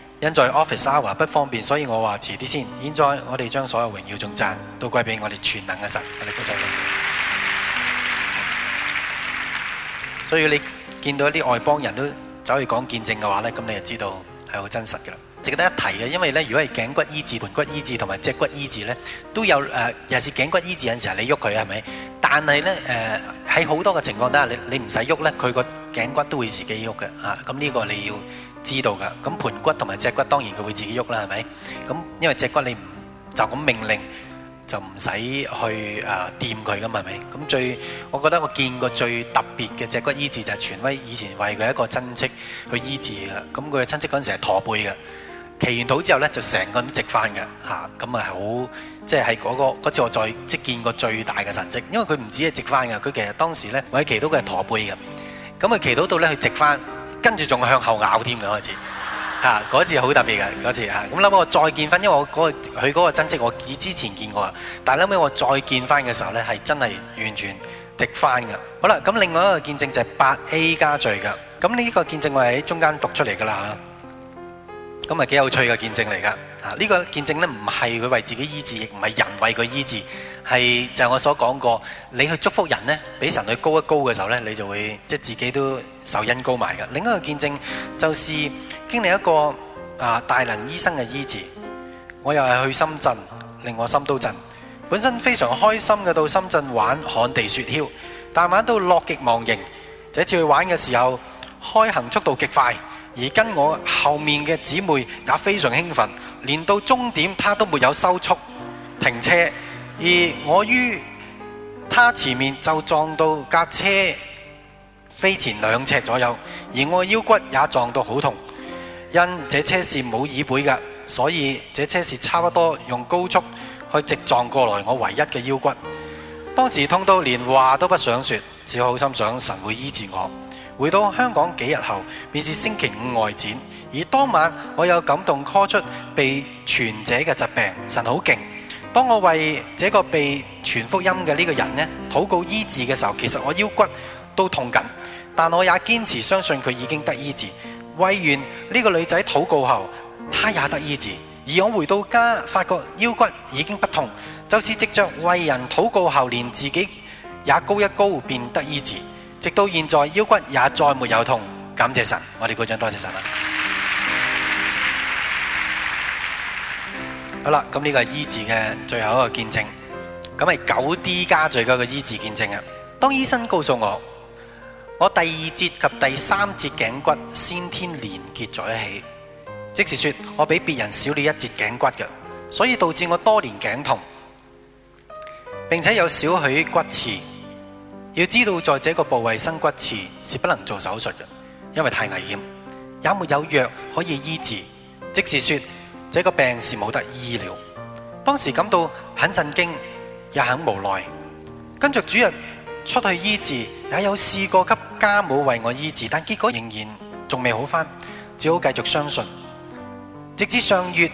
因在 office hour 不方便，所以我話遲啲先。現在我哋將所有榮耀、頌讚都歸俾我哋全能嘅神。我哋鼓掌。所以你見到啲外邦人都走去講見證嘅話咧，咁你就知道係好真實嘅啦。值得一提嘅，因為咧，如果係頸骨醫治、盤骨醫治同埋脊骨醫治咧，都有誒，又是頸骨醫治嗰陣時，你喐佢係咪？但係咧誒，喺好多嘅情況底下，你你唔使喐咧，佢個頸骨都會自己喐嘅嚇。咁呢個你要。知道噶，咁盤骨同埋脊骨當然佢會自己喐啦，係咪？咁因為脊骨你唔就咁命令，就唔使去誒掂佢噶嘛，係咪？咁最，我覺得我見過最特別嘅脊骨醫治就係全威以前為佢一個親戚去醫治啊！咁佢嘅親戚嗰陣時係駝背嘅，祈完禱之後咧就成個都直翻嘅嚇，咁啊好，即係係嗰個嗰次我再即係見過最大嘅神跡，因為佢唔止係直翻嘅，佢其實當時咧我係祈到佢係駝背嘅，咁啊祈到到咧佢直翻。跟住仲向後咬添嘅嗰次，嗰次好特別嘅嗰次，咁諗我再見翻，因為我佢嗰、嗰個嗰個嗰個真跡我之前見過啦。但係後尾我再見翻嘅時候呢，係真係完全滴翻嘅。好啦，咁另外一個見證就係八 A 加罪嘅。咁呢個個見證我係喺中間讀出嚟㗎啦。咁咪幾有趣嘅見證嚟㗎？呢、呢個見證呢，唔係佢為自己醫治，亦唔係人為佢醫治，係就係我所講過，你去祝福人呢，比神佢高一高嘅時候呢，你就會即係自己都。受恩高埋嘅，另一個見證就是經歷一個啊大能醫生嘅醫治，我又係去深圳令我心都震。本身非常開心嘅到深圳玩旱地雪橇，但玩到樂極忘形。這次去玩嘅時候，開行速度極快，而跟我後面嘅姊妹也非常興奮，連到終點她都沒有收速停車，而我於她前面就撞到架車。飛前兩尺左右，而我腰骨也撞到好痛。因這車是冇椅背嘅，所以這車是差不多用高速去直撞過來我唯一嘅腰骨。當時痛到連話都不想說，只好心想神會醫治我。回到香港幾日後，便是星期五外展，而當晚我有感動 call 出被傳者嘅疾病，神好勁。當我為這個被傳福音嘅呢個人呢禱告醫治嘅時候，其實我腰骨都痛緊。但我也堅持相信佢已經得醫治。為完呢個女仔禱告後，她也得醫治。而我回到家，發覺腰骨已經不痛，就是藉着為人禱告後，連自己也高一高，變得醫治。直到現在，腰骨也再沒有痛。感謝神，我哋鼓掌，多謝神啊！好啦，咁呢個醫治嘅最後一個見證，咁係九 D 加最高嘅醫治見證啊！當醫生告訴我。我第二節及第三節頸骨先天連結在一起，即是說我比別人少了一節頸骨嘅，所以導致我多年頸痛，並且有少許骨刺。要知道，在這個部位生骨刺是不能做手術嘅，因為太危險，也沒有藥可以醫治，即是說，這個病是冇得醫了。當時感到很震驚，也很無奈，跟着主任。出去醫治，也有試過給家母為我醫治，但結果仍然仲未好翻，只好繼續相信。直至上月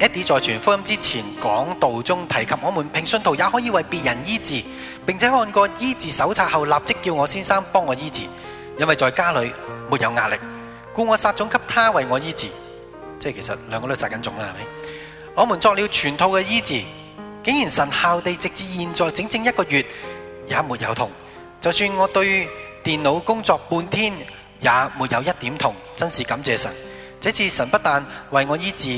，Eddie 在傳福音之前講道中提及，我們平信徒也可以為別人醫治，並且看過醫治手冊後，立即叫我先生幫我醫治，因為在家裏沒有壓力，故我撒種給他為我醫治。即係其實兩個都撒緊種啦，係咪？我們作了全套嘅醫治，竟然神效地，直至現在整整一個月。也沒有痛，就算我對電腦工作半天也沒有一點痛，真是感謝神。這次神不但為我醫治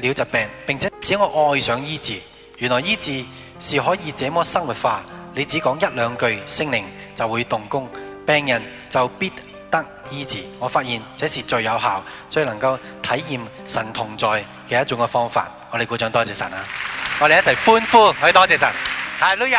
了疾病，並且使我愛上醫治。原來醫治是可以這麼生活化，你只講一兩句聖靈就會動工，病人就必得醫治。我發現這是最有效、最能夠體驗神同在嘅一種嘅方法。我哋鼓掌多謝神啊！ 我哋一齊歡呼去多謝神，係 Lily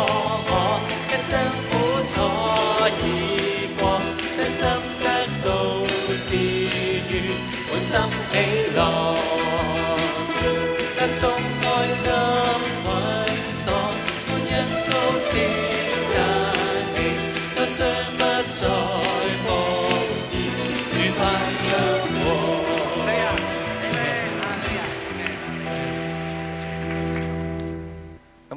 開心、玩爽，歡欣高聲讚美，憂傷不再。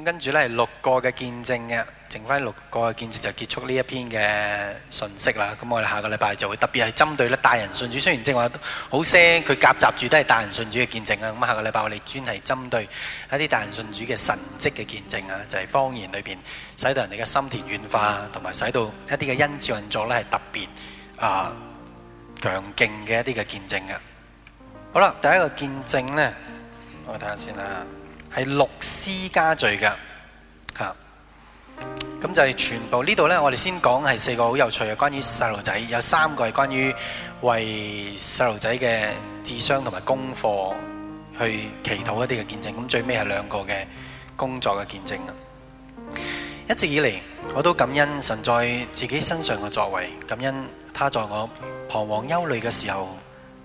跟住咧，係六個嘅見證嘅，剩翻六個嘅見證就結束呢一篇嘅信息啦。咁我哋下個禮拜就會特別係針對咧大人信主，雖然正話好聲，佢夾雜住都係大人信主嘅見證啊。咁下個禮拜我哋專係針對一啲大人信主嘅神蹟嘅見證啊，就係、是、方言裏邊使到人哋嘅心田軟化，同埋使到一啲嘅恩賜運作咧係特別啊強勁嘅一啲嘅見證嘅。好啦，第一個見證咧，我哋睇下先啦。係六施家罪㗎吓，咁就係全部呢度呢。我哋先講係四個好有趣嘅關於細路仔，有三個係關於為細路仔嘅智商同埋功課去祈禱一啲嘅見證。咁最尾係兩個嘅工作嘅見證啦。一直以嚟，我都感恩神在自己身上嘅作為，感恩他在我彷徨憂慮嘅時候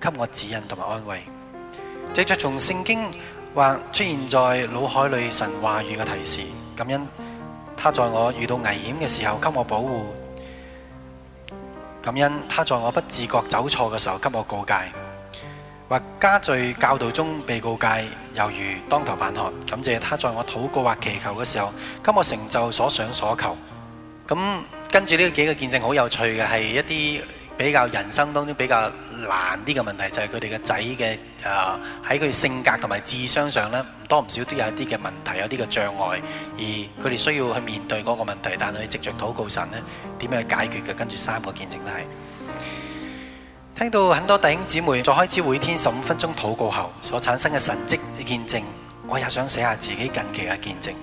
給我指引同埋安慰。藉着從聖經。或出現在腦海裏神話語嘅提示，感恩。他在我遇到危險嘅時候給我保護，感恩。他在我不自覺走錯嘅時候給我告戒，或加在教導中被告戒，猶如當頭棒喝。感謝他在我禱告或祈求嘅時候，給我成就所想所求。咁跟住呢幾個見證好有趣嘅係一啲。比較人生當中比較難啲嘅問題就是他們的的，就係佢哋嘅仔嘅誒，喺佢哋性格同埋智商上咧，唔多唔少都有一啲嘅問題，有啲嘅障礙，而佢哋需要去面對嗰個問題，但係佢哋積極禱告神咧，點樣去解決嘅？跟住三個見證都係聽到很多弟兄姊妹在開始每天十五分鐘禱告後所產生嘅神跡的見證，我也想寫下自己近期嘅見證，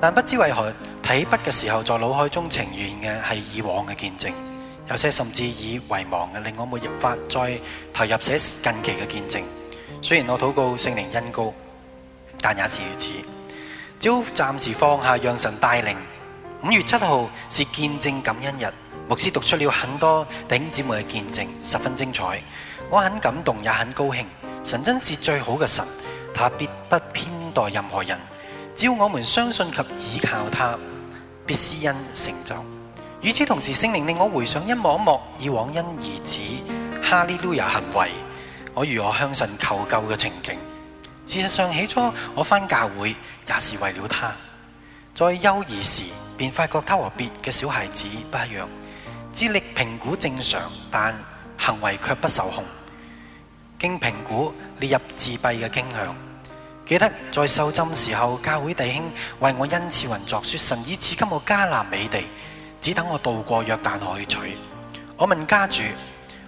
但不知為何睇筆嘅時候，在腦海中呈現嘅係以往嘅見證。有些甚至已遺忘嘅，令我沒法再投入寫近期嘅見證。雖然我禱告聖靈恩膏，但也是如此。只好暫時放下，讓神帶領，五月七號是見證感恩日，牧師讀出了很多弟兄姊妹嘅見證，十分精彩。我很感動，也很高興，神真是最好嘅神，他必不偏待任何人。只要我們相信及倚靠他，必施恩成就。與此同時，聖靈令我回想一幕一幕以往因兒子哈利路亞行為，我如何相信求救嘅情景。事實上，起初我返教會也是為了他。在幼兒時便發覺他和別嘅小孩子不一樣，智力評估正常，但行為卻不受控。經評估列入自閉嘅傾向。記得在受浸時候，教會弟兄為我恩賜運作說，說神以至今我加拿美地。只等我渡過約旦河去取。我問家主：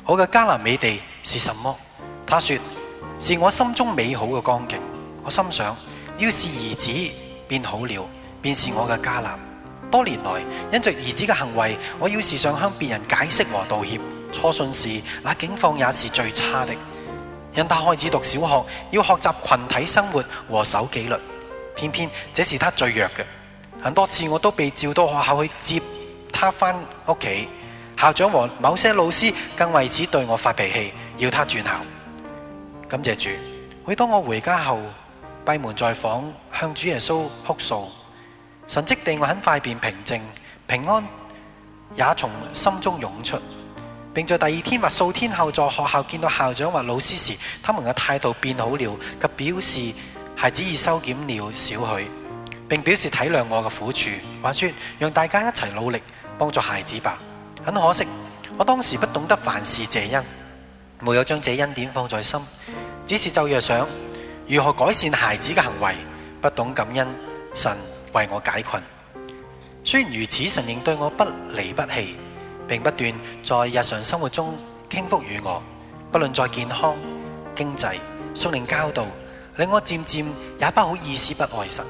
我嘅迦南美地是什麼？他說：是我心中美好嘅光景。我心想：要是兒子變好了，便是我嘅迦南。多年來因着兒子嘅行為，我要時常向別人解釋和道歉。初信時，那境況也是最差的。因他開始讀小學，要學習群體生活和守紀律，偏偏這是他最弱嘅。很多次我都被召到學校去接。他翻屋企，校長和某些老師更為此對我發脾氣，要他轉校。感謝主，每當我回家後，閉門在房向主耶穌哭訴，神迹地我很快變平靜、平安，也從心中湧出，並在第二天或數天後在學校見到校長或老師時，他們嘅態度變好了，及表示孩子已收斂了少許，並表示體諒我嘅苦處，還說讓大家一齊努力。幫助孩子吧。很可惜，我當時不懂得凡事謝恩，沒有將這恩典放在心，只是晝夜想如何改善孩子嘅行為。不懂感恩，神為我解困。雖然如此，神仍對我不離不棄，並不斷在日常生活中傾福與我，不論在健康、經濟、心靈教導，令我漸漸也不好意思不愛神。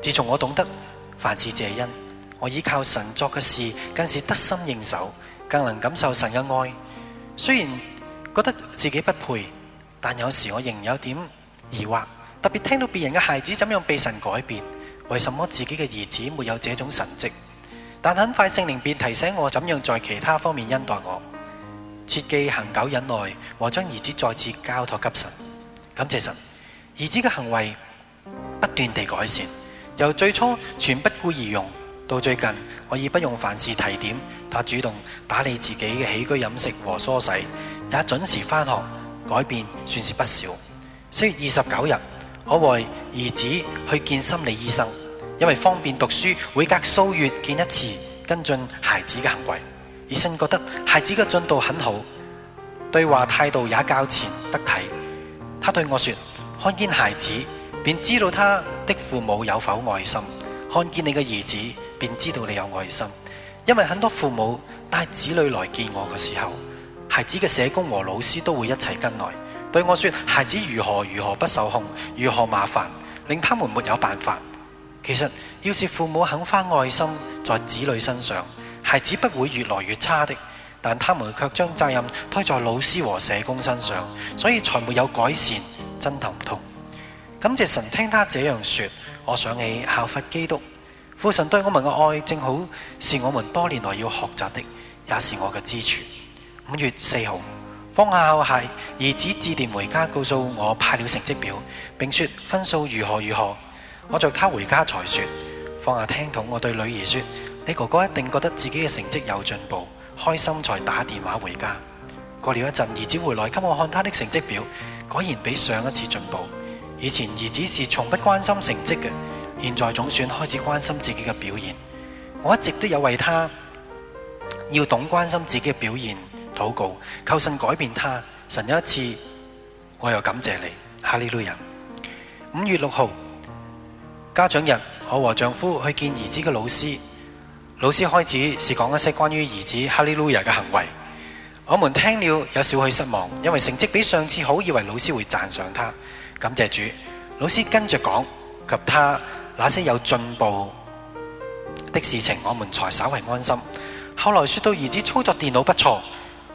自從我懂得凡事謝恩。我依靠神作嘅事，更是得心應手，更能感受神嘅愛。雖然覺得自己不配，但有時我仍有點疑惑。特別聽到別人嘅孩子怎樣被神改變，為什麼自己嘅兒子沒有這種神蹟？但很快聖靈便提醒我，怎樣在其他方面恩待我，切記恆久忍耐，和將兒子再次交託給神。感謝神，兒子嘅行為不斷地改善，由最初全不顧而用。到最近，我已不用凡事提點，他主動打理自己嘅起居飲食和梳洗，也準時翻學，改變算是不少。四月二十九日，我為兒子去見心理醫生，因為方便讀書，每隔數月見一次，跟進孩子嘅行為。醫生覺得孩子嘅進度很好，對話態度也較前得體。他對我說：看見孩子，便知道他的父母有否愛心。看見你嘅兒子，便知道你有愛心，因為很多父母帶子女來見我嘅時候，孩子嘅社工和老師都會一齊跟來，對我說：孩子如何如何不受控，如何麻煩，令他們沒有辦法。其實，要是父母肯花愛心在子女身上，孩子不會越來越差的。但他們卻將責任推在老師和社工身上，所以才沒有改善，真頭痛。感謝神聽他這樣說，我想起效法基督。父神對我們嘅愛正好是我們多年來要學習的，也是我嘅支柱。五月四號，放下後學係兒子致電回家，告訴我派了成績表，並說分數如何如何。我着他回家才說，放下聽筒，我對女兒說：你哥哥一定覺得自己嘅成績有進步，開心才打電話回家。過了一陣，兒子回來給我看他的成績表，果然比上一次進步。以前兒子是從不關心成績嘅。現在總算開始關心自己嘅表現，我一直都有為他要懂關心自己嘅表現禱告，求神改變他。神有一次，我又感謝你，哈利路亞！五月六號家長日，我和丈夫去見兒子嘅老師，老師開始是講一些關於兒子哈利路亞嘅行為，我們聽了有少許失望，因為成績比上次好，以為老師會讚賞他。感謝主，老師跟着講及他。那些有進步的事情，我們才稍微安心。後來說到兒子操作電腦不錯，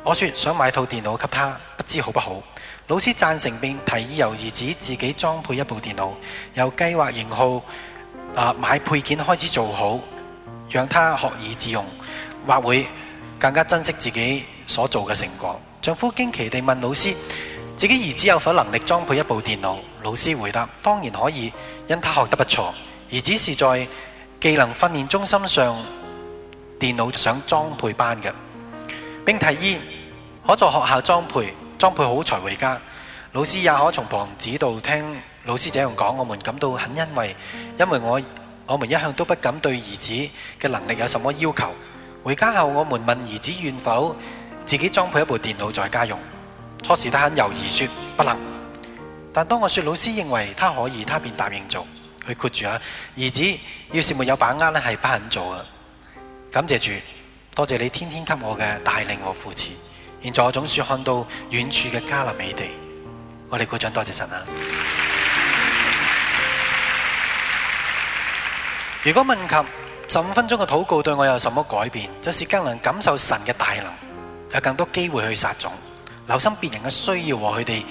我說想買套電腦給他，不知好不好？老師贊成並提議由兒子自己裝配一部電腦，由計劃型號啊買配件開始做好，讓他學以致用，或會更加珍惜自己所做嘅成果。丈夫驚奇地問老師：自己兒子有否能力裝配一部電腦，老師回答：當然可以，因他學得不錯，兒子是在技能訓練中心上電腦上裝配班嘅，並提議可在學校裝配，裝配好才回家。老師也可從旁指導。聽老師這樣講，我們感到很欣慰，因為我我們一向都不敢對兒子嘅能力有什麼要求。回家後，我們問兒子願否自己裝配一部電腦在家用。初時他很猶豫說，說不能。但當我說老師認為他可以，他便答應做。佢括住啊，兒子要是沒有把握咧，係不肯做啊。感謝主，多謝你天天給我嘅帶領和扶持。現在我總算看到遠處嘅迦南美地。我哋鼓掌，多謝神啊！如果問及十五分鐘嘅禱告對我有什麼改變，就是更能感受神嘅大能，有更多機會去撒種。留心別人嘅需要和佢哋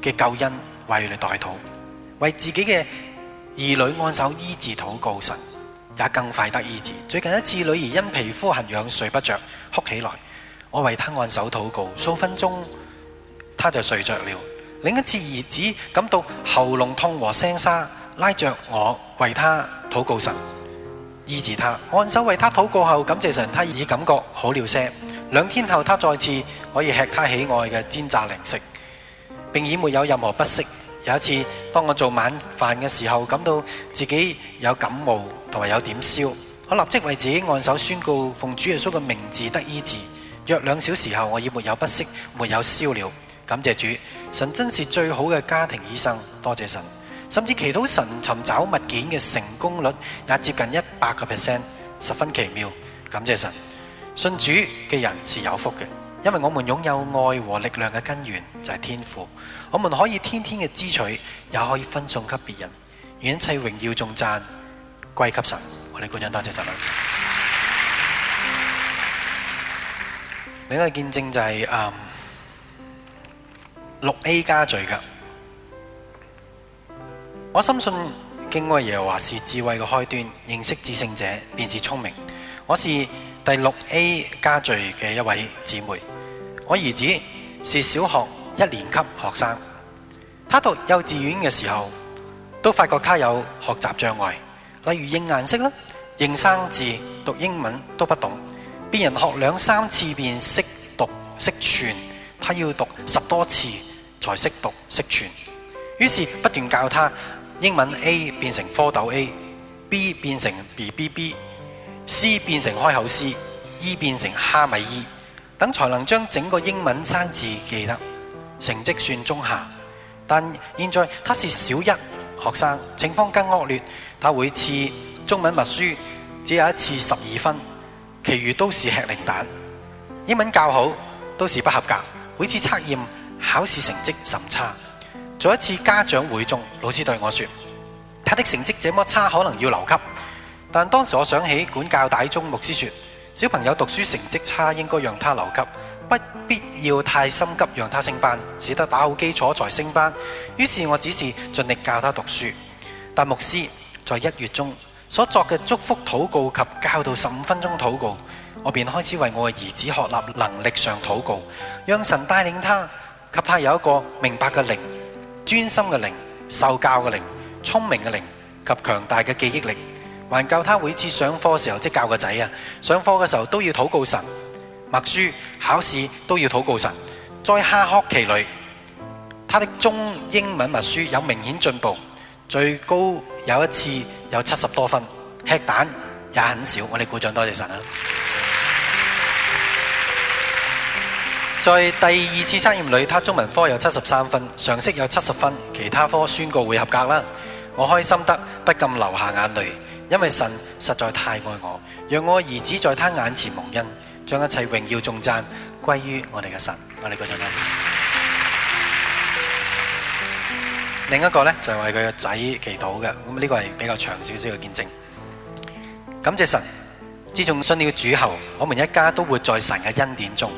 嘅救恩，為佢哋代禱，為自己嘅兒女按手醫治禱告神，也更快得醫治。最近一次，女兒因皮膚痕癢睡不着，哭起來，我為她按手禱告，數分鐘，她就睡着了。另一次，兒子感到喉嚨痛和聲沙，拉着我為他禱告神，醫治他，按手為他禱告後，感謝神，他已感覺好了些。兩天後，他再次。可以吃他喜愛嘅煎炸零食，並已沒有任何不適。有一次，當我做晚飯嘅時候，感到自己有感冒同埋有點燒，我立即為自己按手宣告，奉主耶穌嘅名字得醫治。約兩小時後，我已沒有不適，沒有燒了。感謝主，神真是最好嘅家庭醫生。多謝神，甚至祈禱神尋找物件嘅成功率也接近一百個 percent，十分奇妙。感謝神，信主嘅人是有福嘅。因為我們擁有愛和力量嘅根源就係天父，我們可以天天嘅支取，也可以分送給別人，願一切榮耀頌讚歸給神。我哋感恩、多謝神啦。另一個見證就係、是、六、嗯、A 加罪。我深信敬畏耶和華是智慧嘅開端，認識至聖者便是聰明。我是。第六 A 家聚嘅一位姊妹，我兒子是小學一年級學生。他讀幼稚園嘅時候，都發覺他有學習障礙，例如認顏色啦、認生字、讀英文都不懂。別人學兩三次便識讀識全，他要讀十多次才識讀識全。於是不斷教他英文 A 變成蝌蚪 A，B 變成、BB、B B B。C 變成開口，C E 變成蝦米 E 等才能將整個英文生字記得。成績算中下，但現在他是小一學生，情況更惡劣。他每次中文默書只有一次十二分，其餘都是吃零蛋。英文較好都是不合格，每次測驗考試成績甚差。在一次家長會中，老師對我說：他的成績這麼差，可能要留級。但當時我想起管教大中牧師說小朋友讀書成績差，應該讓他留級，不必要太心急讓他升班，只得打好基礎才升班。於是，我只是盡力教他讀書。但牧師在一月中所作嘅祝福禱告及教導十五分鐘禱告，我便開始為我嘅兒子學習能力上禱告，讓神帶領他，給他有一個明白嘅靈、專心嘅靈、受教嘅靈、聰明嘅靈及強大嘅記憶力。還教他每次上課嘅時候，即教個仔啊！上課嘅時候都要禱告神，默書、考試都要禱告神。在下學期裏，他的中英文默書有明顯進步，最高有一次有七十多分。吃蛋也很少，我哋鼓掌，多謝神啦。 在第二次測驗裏，他中文科有七十三分，常識有七十分，其他科宣告會合格啦。我開心得不禁流下眼淚。因為神實在太愛我，讓我兒子在他眼前蒙恩，將一切榮耀頌讚歸於我哋嘅神。我哋嗰陣多謝。另一個呢，就是為佢嘅仔祈禱嘅，咁、這、呢個係比較長少少嘅見證。感謝神，自從信了主後，我們一家都活在神嘅恩典中。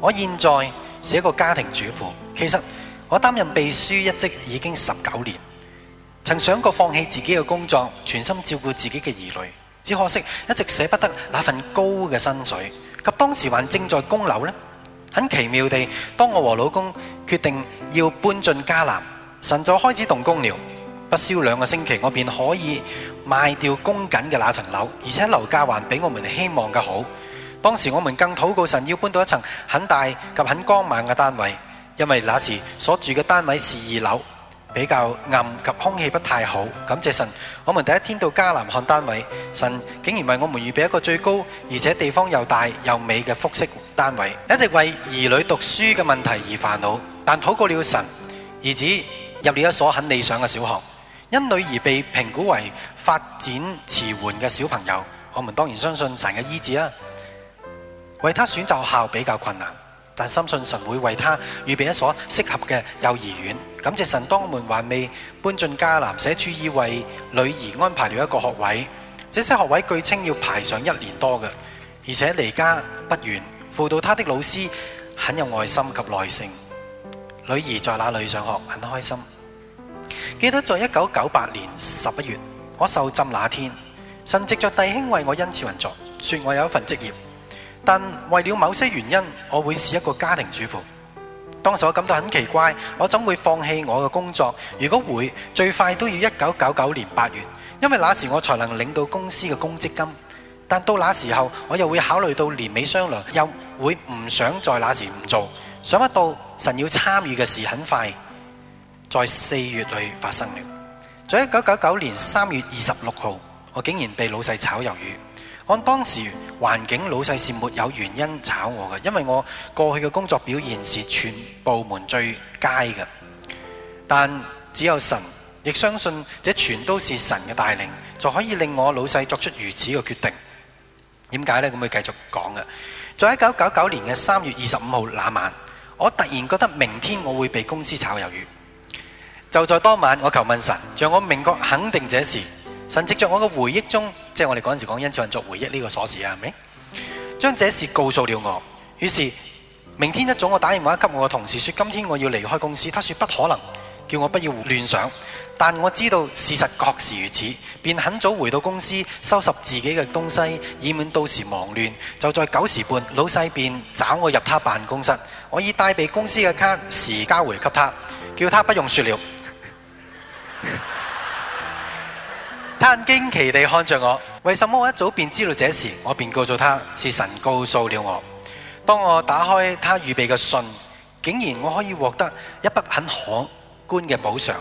我現在是一個家庭主婦，其實我擔任秘書一職已經十九年。曾想過放棄自己的工作，全心照顧自己的兒女，只可惜一直捨不得那份高的薪水，及當時還正在供樓咧，很奇妙地，當我和老公決定要搬進迦南，神就開始動工了，不消兩個星期，我便可以賣掉供緊嘅那層樓，而且樓價還比我們希望的好。當時我們更禱告神要搬到一層很大及很光猛的單位，因為那時所住的單位是二樓，比較暗及空氣不太好，感謝神，我們第一天到加南看單位，神竟然為我們預備一個最高，而且地方又大又美嘅複式單位。一直為兒女讀書嘅問題而煩惱，但禱告了神，兒子入了一所很理想嘅小學，因女兒被評估為發展遲緩嘅小朋友，我們當然相信神嘅醫治啦。為他選擇學校比較困難。但深信神會為他預備一所適合嘅幼兒園。感謝神，當我們還未搬進迦南，社處已為女兒安排了一個學位。這些學位據稱要排上一年多嘅，而且離家不遠。輔導她的老師很有愛心及耐性。女兒在哪裡上學，很開心。記得在一九九八年十一月我受浸那天，神藉着弟兄為我恩賜運作，說我有一份職業。但為了某些原因，我會是一個家庭主婦。當時我感到很奇怪，我怎會放棄我嘅工作？如果會，最快都要一九九九年八月，因為那時我才能領到公司嘅公積金。但到那時候，我又會考慮到年尾雙糧，又會唔想在那時唔做。想不到神要參與嘅事，很快在四月裏發生了。在一九九九年三月二十六號，我竟然被老細炒魷魚。按當時環境，老細是沒有原因炒我嘅，因為我過去嘅工作表現是全部門最佳嘅。但只有神，亦相信這全都是神嘅帶領，就可以令我老細作出如此嘅決定。點解呢？咁會繼續講嘅。在一九九九年嘅三月二十五號那晚，我突然覺得明天我會被公司炒魷魚。就在當晚，我求問神，讓我明確肯定這事。甚至在我嘅回憶中，即係我哋嗰陣時講恩賜運作回憶呢個鎖匙啊，係咪？將這事告訴了我，於是明天一早我打電話給我嘅同事，說今天我要離開公司。他說不可能，叫我不要胡亂想。但我知道事實確實如此，便很早回到公司收拾自己嘅東西，以免到時忙亂。就在九時半，老細便找我入他辦公室，我已帶備公司嘅卡匙交回給他，叫他不用説了。 他很驚奇地看着我，為什麼我一早便知道？這時，我便告訴他，是神告訴了我。當我打開他預備嘅信，竟然我可以獲得一筆很可觀嘅補償，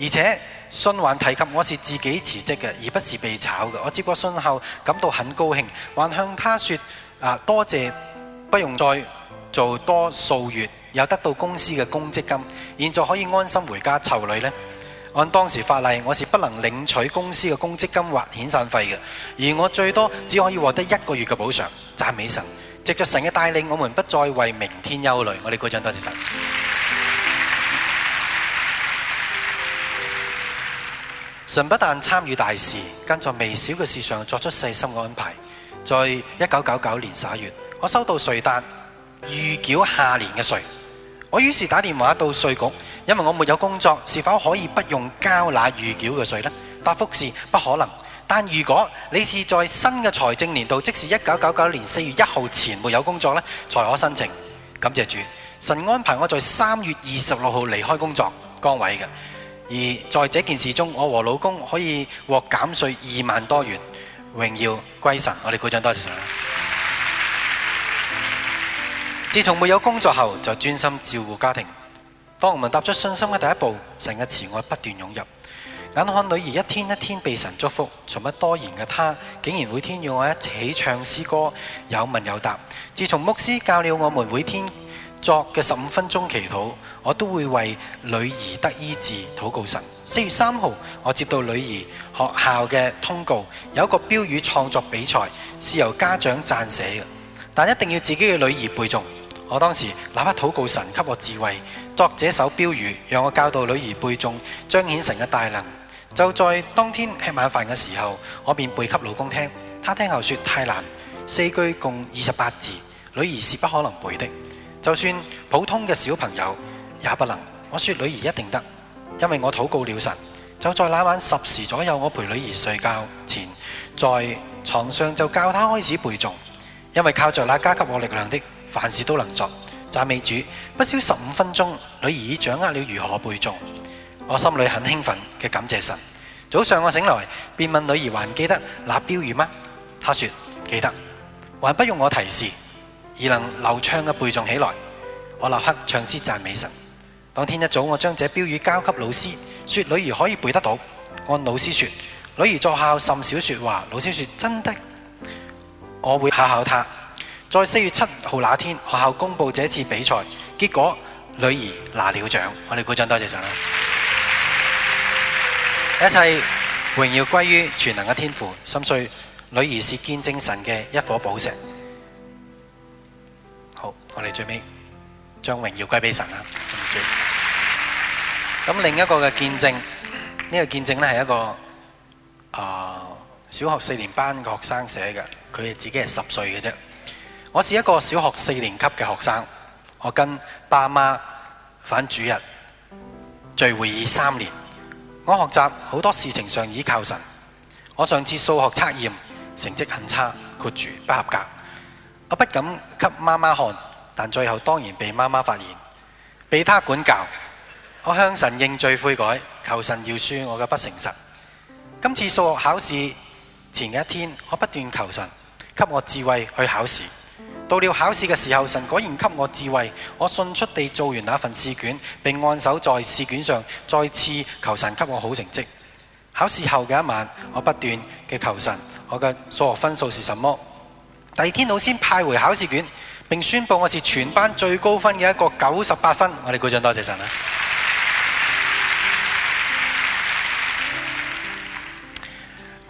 而且信還提及我是自己辭職嘅，而不是被炒嘅。我接過信後感到很高興，還向他說啊，多謝，不用再做多數月，又得到公司嘅公積金，現在可以安心回家湊女呢。」按當時法例，我是不能領取公司嘅公積金或遣散費嘅，而我最多只可以獲得一個月嘅補償。讚美神！藉着神嘅帶領，我們不再為明天憂慮。我哋鼓掌多謝神！嗯、神不但參與大事，更在微小嘅事上作出細心安排。在一九九九年十一月，我收到稅單，預繳下年嘅稅。我於是打電話到稅局，因為我沒有工作，是否可以不用交納預繳嘅稅呢？答覆是不可能，但如果你是在新嘅財政年度，即是一九九九年四月一號前沒有工作呢，才可申請。感謝主，神安排我在三月二十六號離開工作崗位嘅，而在這件事中，我和老公可以獲減稅二萬多元，榮耀歸神。我哋鼓掌多謝神。自從沒有工作後，就專心照顧家庭。當我們踏出信心嘅第一步，神嘅慈愛不斷湧入。眼看女兒一天一天被神祝福，從不多言嘅她，竟然每天與我一起唱詩歌，有問有答。自從牧師教了我們每天作嘅十五分鐘祈禱，我都會為女兒得醫治禱告神。四月三號，我接到女兒學校嘅通告，有一個標語創作比賽，是由家長撰寫嘅，但一定要自己嘅女兒背誦。我當時立刻禱告神給我智慧，作這首標語讓我教導女兒背誦，彰顯神嘅大能。就在當天吃晚飯嘅時候，我便背給老公聽。他聽後說太難，四句共二十八字，女兒是不可能背的。就算普通嘅小朋友也不能。我說女兒一定得，因為我禱告了神。就在那晚十時左右，我陪女兒睡覺前，在床上就教她開始背誦，因為靠著那加給我力量的。凡事都能做，讚美主。不消十五分鐘，女兒已掌握了如何背誦。我心裏很興奮嘅感謝神。早上我醒來，便問女兒還記得那標語嗎？她說記得，還不用我提示，而能流暢嘅背誦起來。我立刻唱詩讚美神。當天一早，我將這標語交給老師，說女兒可以背得到。按老師説，女兒在校甚少説話。老師説真的，我會考考她。在四月七號那天，學校公布這次比賽結果，女兒拿了獎。我哋鼓掌，多謝神 一切榮耀歸於全能嘅天父，心碎女兒是見證神嘅一顆寶石。好，我哋最尾將榮耀歸給神啦。咁 另一個嘅見證，呢、這個見證呢係一個啊、呃、小學四年班嘅學生寫嘅，佢自己係十歲嘅啫。我是一個小學四年級嘅學生，我跟爸媽返主日聚會已三年。我學習好多事情上倚靠神。我上次數學測驗成績很差，括住不合格。我不敢給媽媽看，但最後當然被媽媽發現，被她管教。我向神認罪悔改，求神饒恕我嘅不誠實。今次數學考試前一天，我不斷求神，給我智慧去考試。到了考試嘅時候，神果然給我智慧，我迅速地做完那份試卷，並按手在試卷上，再次求神給我好成績。考試後嘅一晚，我不斷嘅求神，我嘅數學分數是什麼？第二天老師派回考試卷，並宣佈我是全班最高分嘅一個九十八分。我哋鼓掌，多謝神啊！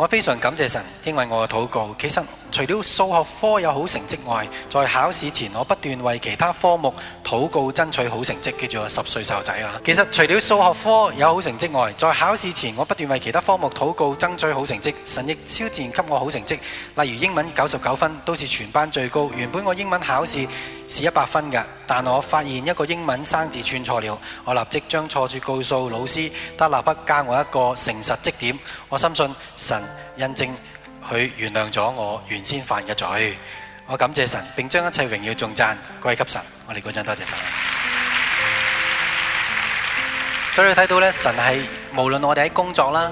我非常感謝神，因為我嘅禱告。其實除咗數學科有好成績外，在考試前我不斷為其他科目禱告爭取好成績。記住我十歲細路仔啦。其實除咗數學科有好成績外，在考試前我不斷為其他科目禱告爭取好成績。神亦超自然給我好成績，例如英文九十九分都是全班最高。原本我英文考試是一百分㗎，但我發現一個英文生字串錯了，我立即將錯處告訴老師，佢立刻加我一個誠實積點。我深信神。印證佢原諒咗我原先犯嘅罪，我感謝神，並將一切榮耀頌讚、歸給神。我哋鼓掌多謝神。 所以你睇到咧，神係無論我哋喺工作啦，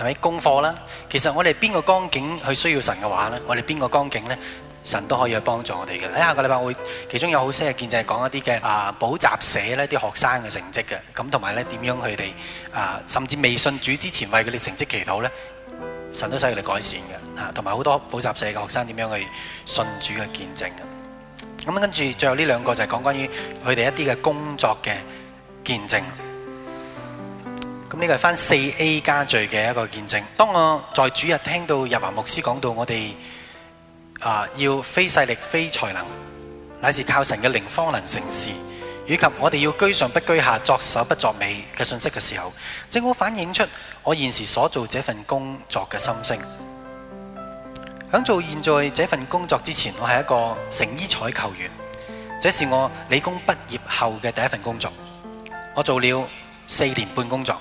係咪功課啦，其實我哋邊個光景去需要神嘅話咧，我哋邊個光景咧，神都可以去幫助我哋嘅。喺下個禮拜會，其中有好些嘅見證就係講一啲嘅啊，補習社咧啲學生嘅成績嘅，咁同埋咧點樣佢哋啊，甚至未信主之前為佢哋成績祈禱咧。神都需要你改善嘅，嚇，同埋好多補習社嘅學生點樣去信主嘅見證。咁跟住，最後呢兩個就係講關於佢哋一啲嘅工作嘅見證。咁、嗯、呢、這個係翻四 A 家聚嘅一個見證。當我在主日聽到日華牧師講到我們，我哋啊要非勢力非才能，乃是靠神嘅靈方能成事。以及我哋要居上不居下、作首不作尾嘅信息嘅時候，正好反映出我現時所做這份工作嘅心聲。響做現在這份工作之前，我係一個成衣採購員，這是我理工畢業後嘅第一份工作。我做了四年半工作，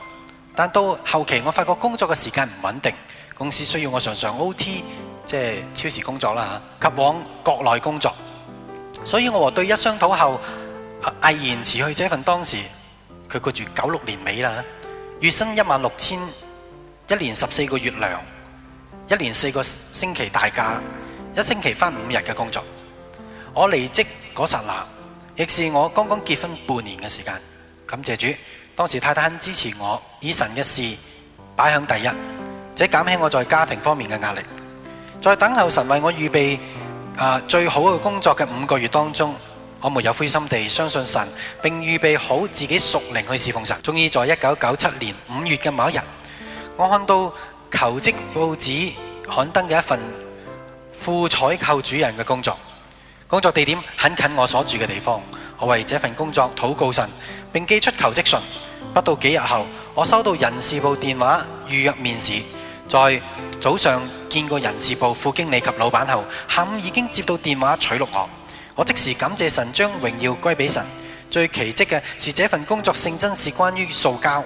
但到後期我發覺工作嘅時間唔穩定，公司需要我常常 O.T.，即係超時工作啦嚇，及往國內工作。所以我和對一商討後。毅然辭去這份當時佢過住九六年尾啦，月薪一萬六千，一年十四個月糧，一年四個星期大假，一星期翻五日嘅工作。我離職嗰剎那，亦是我剛剛結婚半年嘅時間。感謝主，當時太太肯支持我，以神嘅事擺響第一，這減輕我在家庭方面嘅壓力。在等候神為我預備啊最好嘅工作嘅五個月當中。我沒有灰心地相信神，並預備好自己屬靈去侍奉神。終於在1997年五月嘅某一日，我看到求職報紙刊登嘅一份副採購主人嘅工作，工作地點很近我所住嘅地方。我為這份工作禱告神，並寄出求職信。不到幾日後，我收到人事部電話預約面試。在早上見過人事部副經理及老闆後，下午已經接到電話取錄我。我即時感謝神，將榮耀歸俾神。最奇蹟嘅是，這份工作性質是關於塑膠，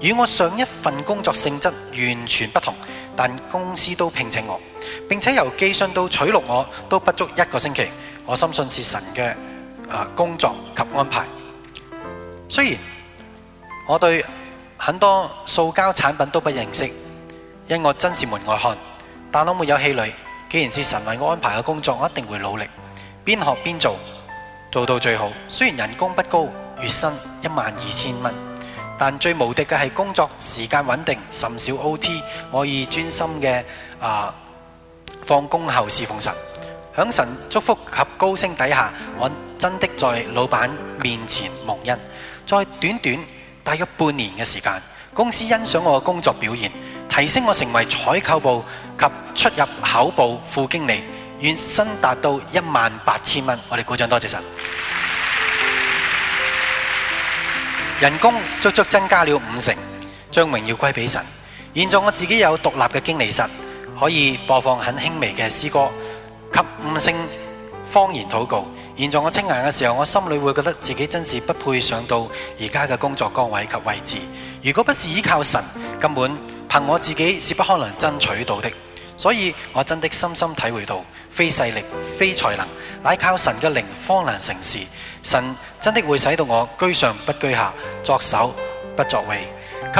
與我上一份工作性質完全不同。但公司都聘請我，並且由寄信到取錄我都不足一個星期。我深信是神嘅工作及安排。雖然我對很多塑膠產品都不認識，因我真是門外漢，但我沒有氣餒。既然是神為我安排嘅工作，我一定會努力。邊學邊做，做到最好。雖然人工不高，月薪一萬二千蚊，但最無敵嘅係工作時間穩定，甚少 O.T.，我以專心嘅啊、呃、放工後侍奉神。響神祝福及高升底下，我真的在老闆面前蒙恩。在短短大約半年嘅時間，公司欣賞我嘅工作表現，提升我成為採購部及出入口部副經理。月薪達到一萬八千蚊，我哋鼓掌多謝神。人工足足增加了五成，榮耀要歸俾神。現在我自己有獨立嘅經理室，可以播放很輕微嘅詩歌及五星方言禱告。現在我清閒嘅時候，我心裏會覺得自己真是不配上到而家嘅工作崗位及位置。如果不是依靠神，根本憑我自己是不可能爭取到的。所以我真的深深體會到。非勢力，非才能，乃靠神嘅靈方能成事。神真的會使到我居上不居下，作手不作為。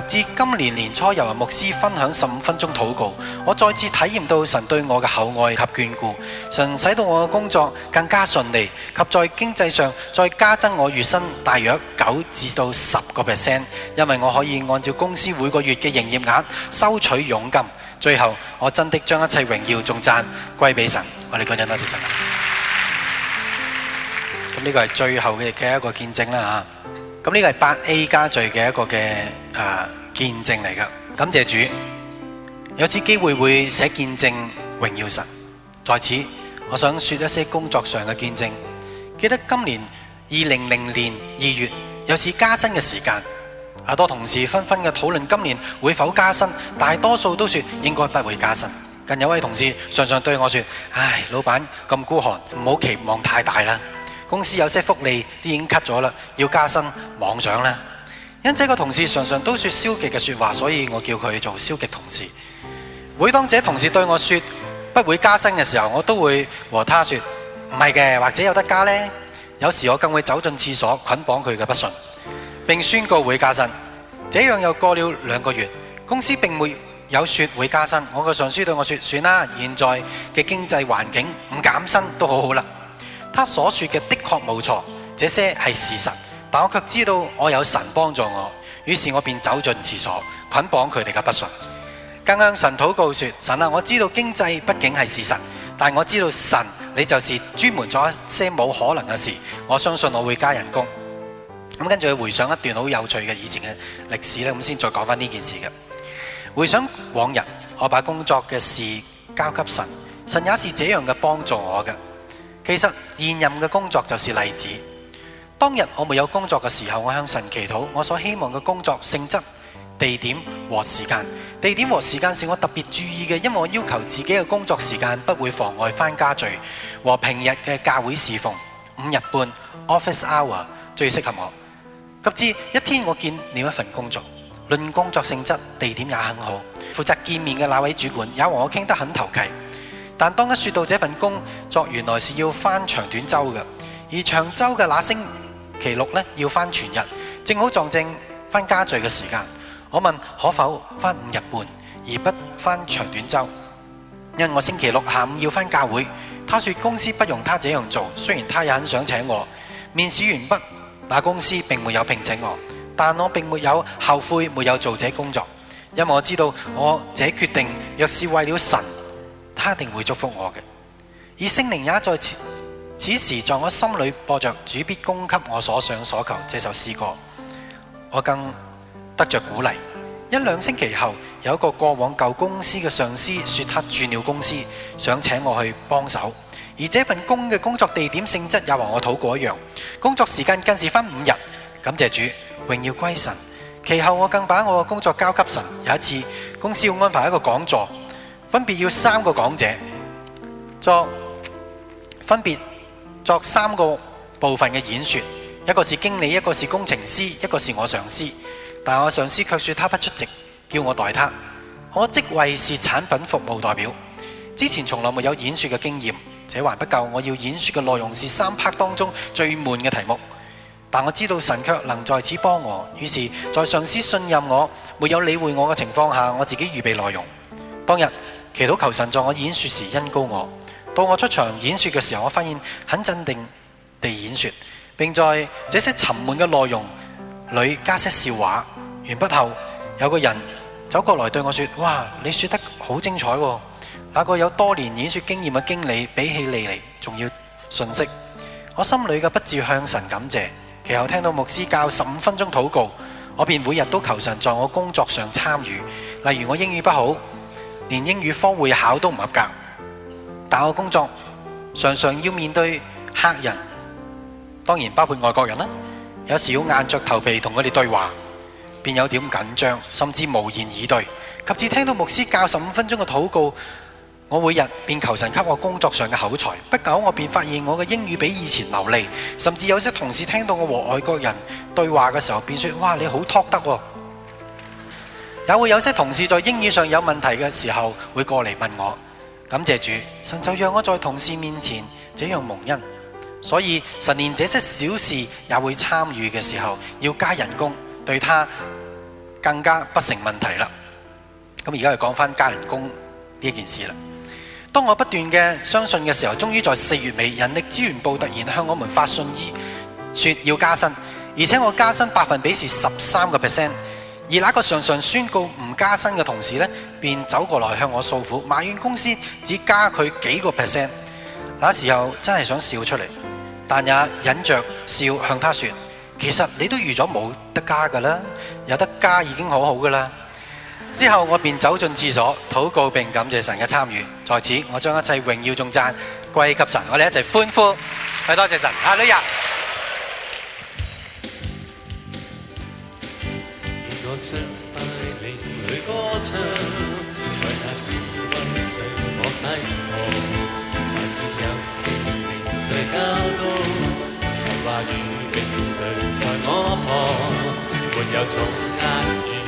及至今年年初，由牧師分享十五分鐘禱告，我再次體驗到神對我嘅厚愛及眷顧。神使到我嘅工作更加順利，及在經濟上再加增我月薪大約九至到十個 percent，因為我可以按照公司每個月嘅營業額收取佣金。最後，我真的將一切榮耀、頌讚歸俾神。我哋感恩多謝神。咁呢個係最後嘅嘅一個見證啦吓。咁呢個係八 A 加罪嘅一個嘅誒、啊、見證嚟㗎。感謝主，有次機會會寫見證，榮耀神。在此，我想說一些工作上嘅見證。記得今年二零零年二月，有次加薪嘅時間。好多同事紛紛嘅討論今年會否加薪，大多數都說應該不會加薪。更有位同事常常對我說：唉，老闆咁孤寒，唔好期望太大啦。公司有些福利都已經 cut 咗啦，要加薪妄想啦。因這個同事常常都說消極嘅說話，所以我叫佢做消極同事。每當這同事對我說不會加薪嘅時候，我都會和他說：唔係嘅，或者有得加呢。有時我更會走進廁所捆綁佢嘅不信。並宣告會加薪，這樣又過了兩個月，公司並沒有說會加薪。我嘅上司對我說：算啦，現在嘅經濟環境唔減薪都好好啦。他所說嘅的，的確冇錯，這些係事實。但我卻知道我有神幫助我，於是我便走進廁所捆綁佢哋嘅不信，更向神禱告說：神啊，我知道經濟畢竟係事實，但我知道神，你就是專門做一些冇可能嘅事，我相信我會加人工。咁跟住佢回想一段好有趣嘅以前嘅歷史咧，咁先再講翻呢件事嘅。回想往日，我把工作嘅事交給神，神也是這樣嘅幫助我嘅。其實現任嘅工作就是例子。當日我沒有工作嘅時候，我向神祈禱，我所希望嘅工作性質、地點和時間。地點和時間是我特別注意嘅，因為我要求自己嘅工作時間不會妨礙翻家聚和平日嘅教會侍奉。五日半 office hour 最適合我。直至一天我見另一份工作，論工作性質、地點也很好，負責見面嘅那位主管也和我傾得很投契。但當一說到這份工作，作原來是要翻長短周嘅，而長周嘅那星期六呢，要翻全日，正好撞正翻家聚嘅時間，我問可否翻五日半而不翻長短周，因我星期六下午要翻教會。他說公司不用他這樣做，雖然他也很想請我。面試完畢。那公司并没有聘請我，但我并没有後悔没有做這工作，因為我知道我這決定若是為了神，他一定會祝福我嘅。而聖靈也在此此時在我心裏播着主必供給我所想所求這首詩歌，我更得着鼓勵。一兩星期後有一個過往舊公司嘅上司說他轉了公司，想請我去幫手。而這份工嘅工作地點性質也和我討過一樣，工作時間更是分五日。感謝主，榮耀歸神。其後我更把我嘅工作交給神。有一次公司要安排一個講座，分別要三個講者作分別作三個部分嘅演說，一個是經理，一個是工程師，一個是我上司。但我上司卻說他不出席，叫我代他。我職位是產品服務代表，之前從來沒有演說嘅經驗。這還不夠，我要演説嘅內容是三 part 當中最悶嘅題目，但我知道神卻能在此幫我，於是，在上司信任我、沒有理會我嘅情況下，我自己預備內容。當日祈禱求神在我演説時恩膏我，到我出場演説嘅時候，我發現很鎮定地演説，並在這些沉悶嘅內容裏加些笑話。完畢後，有個人走過來對我說：「哇，你說得好精彩喎！那個有多年演說經驗嘅經理，比起你嚟，仲要遜色。我心裏嘅不自向神感謝。其後聽到牧師教十五分鐘禱告，我便每日都求神在我工作上參與。例如我英語不好，連英語科會考都唔合格，但係我工作常常要面對客人，當然包括外國人啦。有時要硬著頭皮同佢哋對話，便有點緊張，甚至無言以對。及至聽到牧師教十五分鐘嘅禱告。我每日便求神給我工作上嘅口才，不久我便發現我嘅英語比以前流利，甚至有些同事聽到我和外國人對話嘅時候，便說：「哇，你好 talk 得喎！」也會有些同事在英語上有問題嘅時候，會過嚟問我，感謝主，神就讓我在同事面前這樣蒙恩。所以神連這些小事也會參與嘅時候，要加人工，對他更加不成問題啦。咁而家就講翻加人工呢件事了。當我不斷嘅相信嘅時候，終於在四月尾，人力資源部突然向我們發信，依說要加薪，而且我加薪百分比是十三個 percent。而那個常常宣告唔加薪嘅同事咧，便走過來向我訴苦，埋怨公司只加佢幾個 percent。那時候真係想笑出嚟，但也忍着笑向他說：其實你都預咗冇得加㗎啦，有得加已經好好㗎啦。之後我便走進廁所，禱告並感謝神嘅參與。在此我將一切榮耀仲讚歸給神，我哋一齊歡呼，係多謝神，阿們。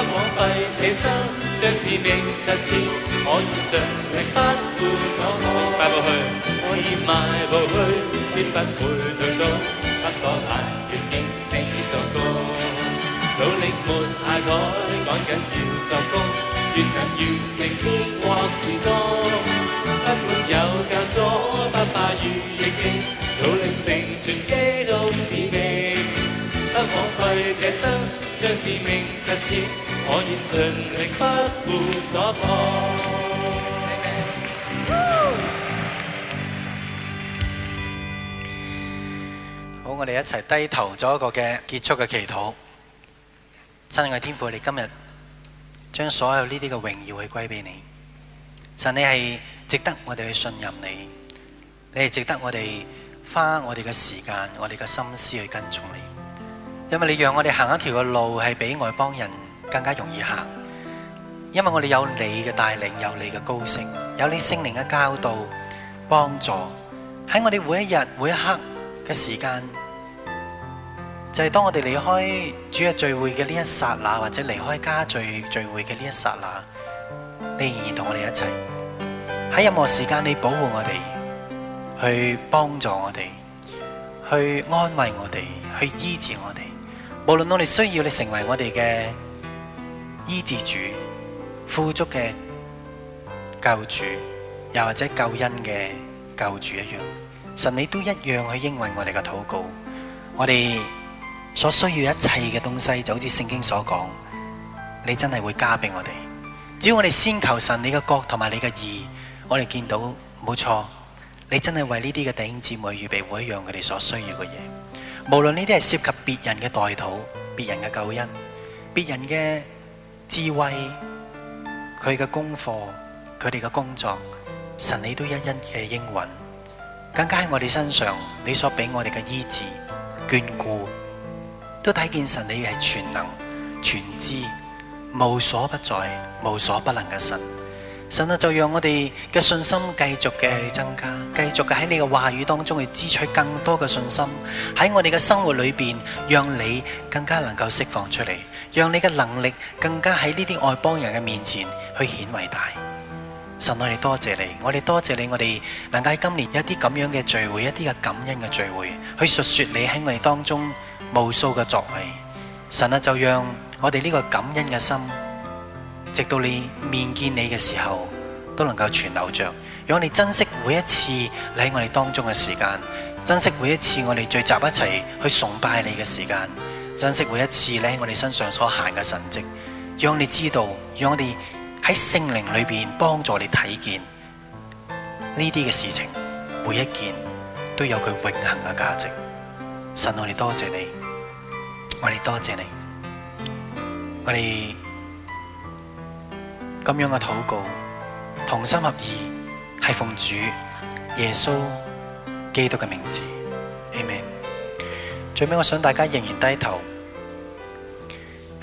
不枉費此生，將使命實踐。我願盡力，不負所望。可過快去，可以邁步去，偏不會退到不講坦然，亦是作歌。努力沒懈怠，趕緊要作功。越能完成，天國時光。不沒有教唆，不怕如逆境。努力成全基督使命。不枉費這生，將使命實踐，我願盡力不顧所迫。Amen. Woo! 好，我哋一齊低頭做一個嘅結束嘅祈禱。親愛天父，你今日將所有呢啲嘅榮耀去歸俾你，神，你係值得我哋去信任你，你係值得我哋花我哋嘅時間、我哋嘅心思去跟從你。因為你讓我哋行一條嘅路係比外邦人更加容易行，因為我哋有你嘅帶領，有你嘅高升，有你聖靈嘅教導、幫助，喺我哋每一日、每一刻嘅時間，就係當我哋離開主日聚會嘅呢一剎那，或者離開家聚聚會嘅呢一剎那，你仍然同我哋一齊，喺任何時間你保護我哋，去幫助我哋，去安慰我哋，去醫治我哋。無論我哋需要你成為我哋嘅醫治主、富足嘅救主，又或者救恩嘅救主一樣，神你都一樣去應允我哋嘅禱告。我哋所需要一切嘅東西，就好似聖經所講，你真係會加俾我哋。只要我哋先求神你嘅國同埋你嘅義，我哋見到冇錯，你真係為呢啲嘅弟兄姊妹預備每一樣佢哋所需要嘅嘢。無論呢啲係涉及別人嘅代禱、別人嘅救恩、別人嘅智慧、佢嘅功課、佢哋嘅工作，神你都一一嘅應允。更加喺我哋身上，你所俾我哋嘅醫治、眷顧，都睇見神你係全能、全知、無所不在、無所不能嘅神。神啊，就讓我哋嘅信心繼續嘅增加，繼續嘅喺你嘅話語當中去支取更多嘅信心，喺我哋嘅生活裏邊，讓你更加能夠釋放出嚟，讓你嘅能力更加喺呢啲外邦人嘅面前去顯偉大。神，我哋多謝你，我哋多謝你，我哋能夠喺今年一啲咁樣嘅聚會，一啲嘅感恩嘅聚會，去述說你喺我哋當中無數嘅作為。神啊，就讓我哋呢個感恩嘅心。直到你面見你嘅時候都能夠存留着。讓我哋珍惜每一次你喺我哋當中嘅時間，珍惜每一次我哋聚集一齊去崇拜你嘅時間，珍惜每一次你喺我哋身上所行嘅神跡。讓你知道，讓我哋喺聖靈裏邊幫助你睇見呢啲嘅事情，每一件都有佢永恆嘅價值。神，我哋多謝你，我哋多謝你，我哋。咁樣嘅禱告，同心合意，係奉主耶穌基督嘅名字，amen。最尾我想大家仍然低頭，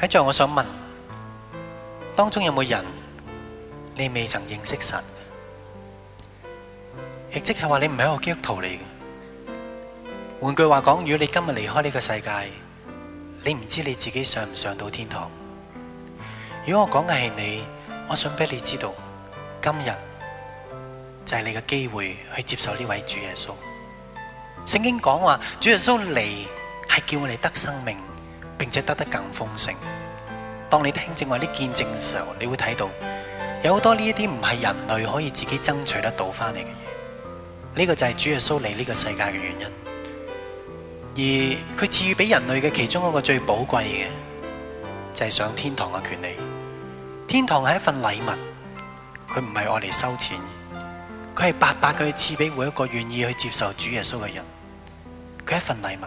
喺最後我想問，當中有冇人你未曾認識神？亦即係話你唔係一個基督徒嚟嘅。換句話講，如果你今日離開呢個世界，你唔知你自己上唔上到天堂。如果我講嘅係你。我想俾你知道，今日就係你嘅機會去接受呢位主耶穌。聖經講話，主耶穌嚟係叫我哋得生命，並且得得更豐盛。當你聽證或者見證嘅時候，你會睇到有好多呢一啲唔係人類可以自己爭取得到翻嚟嘅嘢。呢個就係主耶穌嚟呢個世界嘅原因，而佢賜予俾人類嘅其中一個最寶貴嘅，就係上天堂嘅權利。天堂係一份禮物，佢唔係愛嚟收錢，佢係白白嘅賜俾每一個願意去接受主耶穌嘅人，佢一份禮物，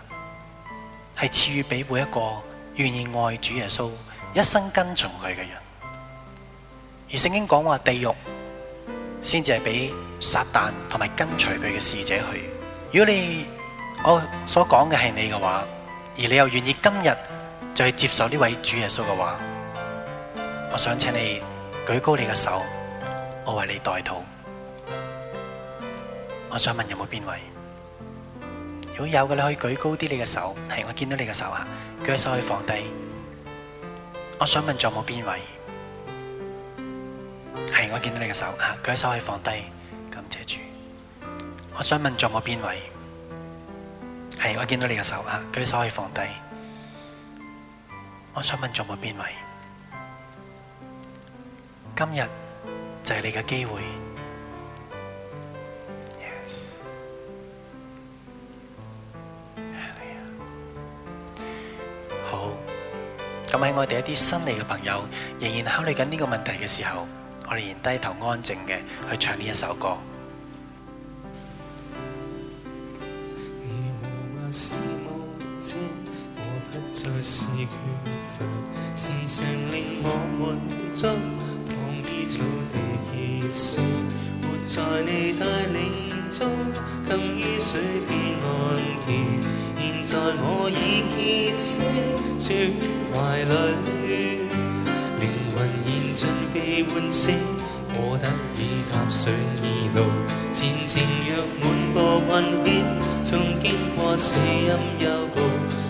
係賜予俾每一個願意愛主耶穌、一生跟隨佢嘅人。而聖經講話地獄，先至係俾撒旦同埋跟隨佢嘅使者去。如果你我所講嘅係你嘅話，而你又願意今日就去接受呢位主耶穌嘅話，我想請你舉高你嘅手，我為你代禱。我想問有冇邊位？如果有嘅，你可以舉高啲你嘅手。係，我見到你嘅手啊，舉手可以放低。我想問仲有冇邊位？係，我見到你嘅手啊，舉手可以放低。感謝主。我想問仲有冇邊位？係，我見到你嘅手啊，舉手可以放低。我想問仲有冇邊位？今日就係你嘅機會，好。咁喺我哋一啲新嚟嘅朋友仍然考慮緊呢個問題嘅時候，我哋仍然低頭安靜嘅去唱呢一首歌。草地歇息，活在你帶領中，近於水邊岸邊。現在我已歇息，主懷裡，靈魂燃盡被喚醒，我得以踏上義路，前程若滿布困險，縱經過死蔭幽谷。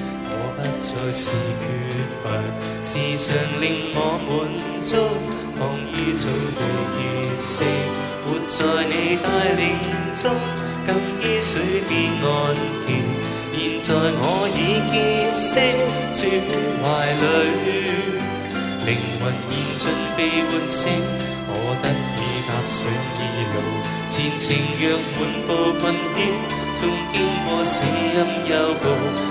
才是缺乏，時常令我滿足，躺於草地歇息，活在你帶領中，更於水邊安歇。現在我已結識，轉懷裏，靈魂現盡被喚醒，我得以踏上二路，前程若滿布困天，終經過死蔭幽谷。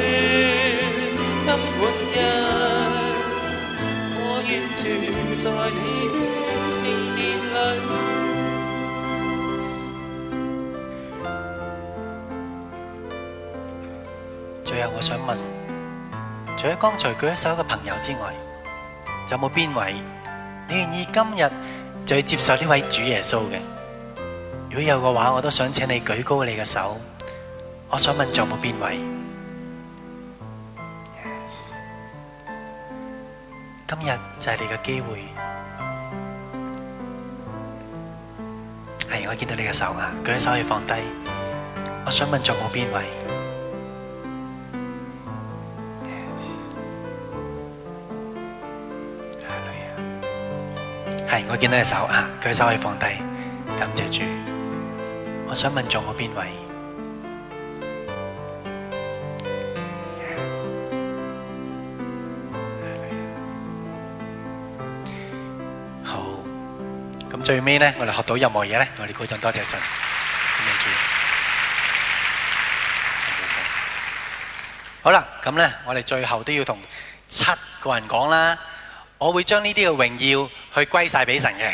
最後，存在你的我想問：除咗剛才舉手嘅朋友之外，有冇邊位你願意今日就要接受呢位主耶穌嘅？如果有嘅話，我都想請你舉高你嘅手。我想問仲有冇邊位？今日就係你嘅機會，係，我見到你嘅手啊，舉手可以放低，我想問仲有冇邊位？係，我見到你嘅手啊，舉手可以放低，感謝主，我想問仲有冇邊位？最尾咧，我哋學到任何嘢咧，我哋鼓掌多謝神。好啦，咁咧，我哋最後都要同七個人講啦，我會將呢啲嘅榮耀去歸晒俾神嘅。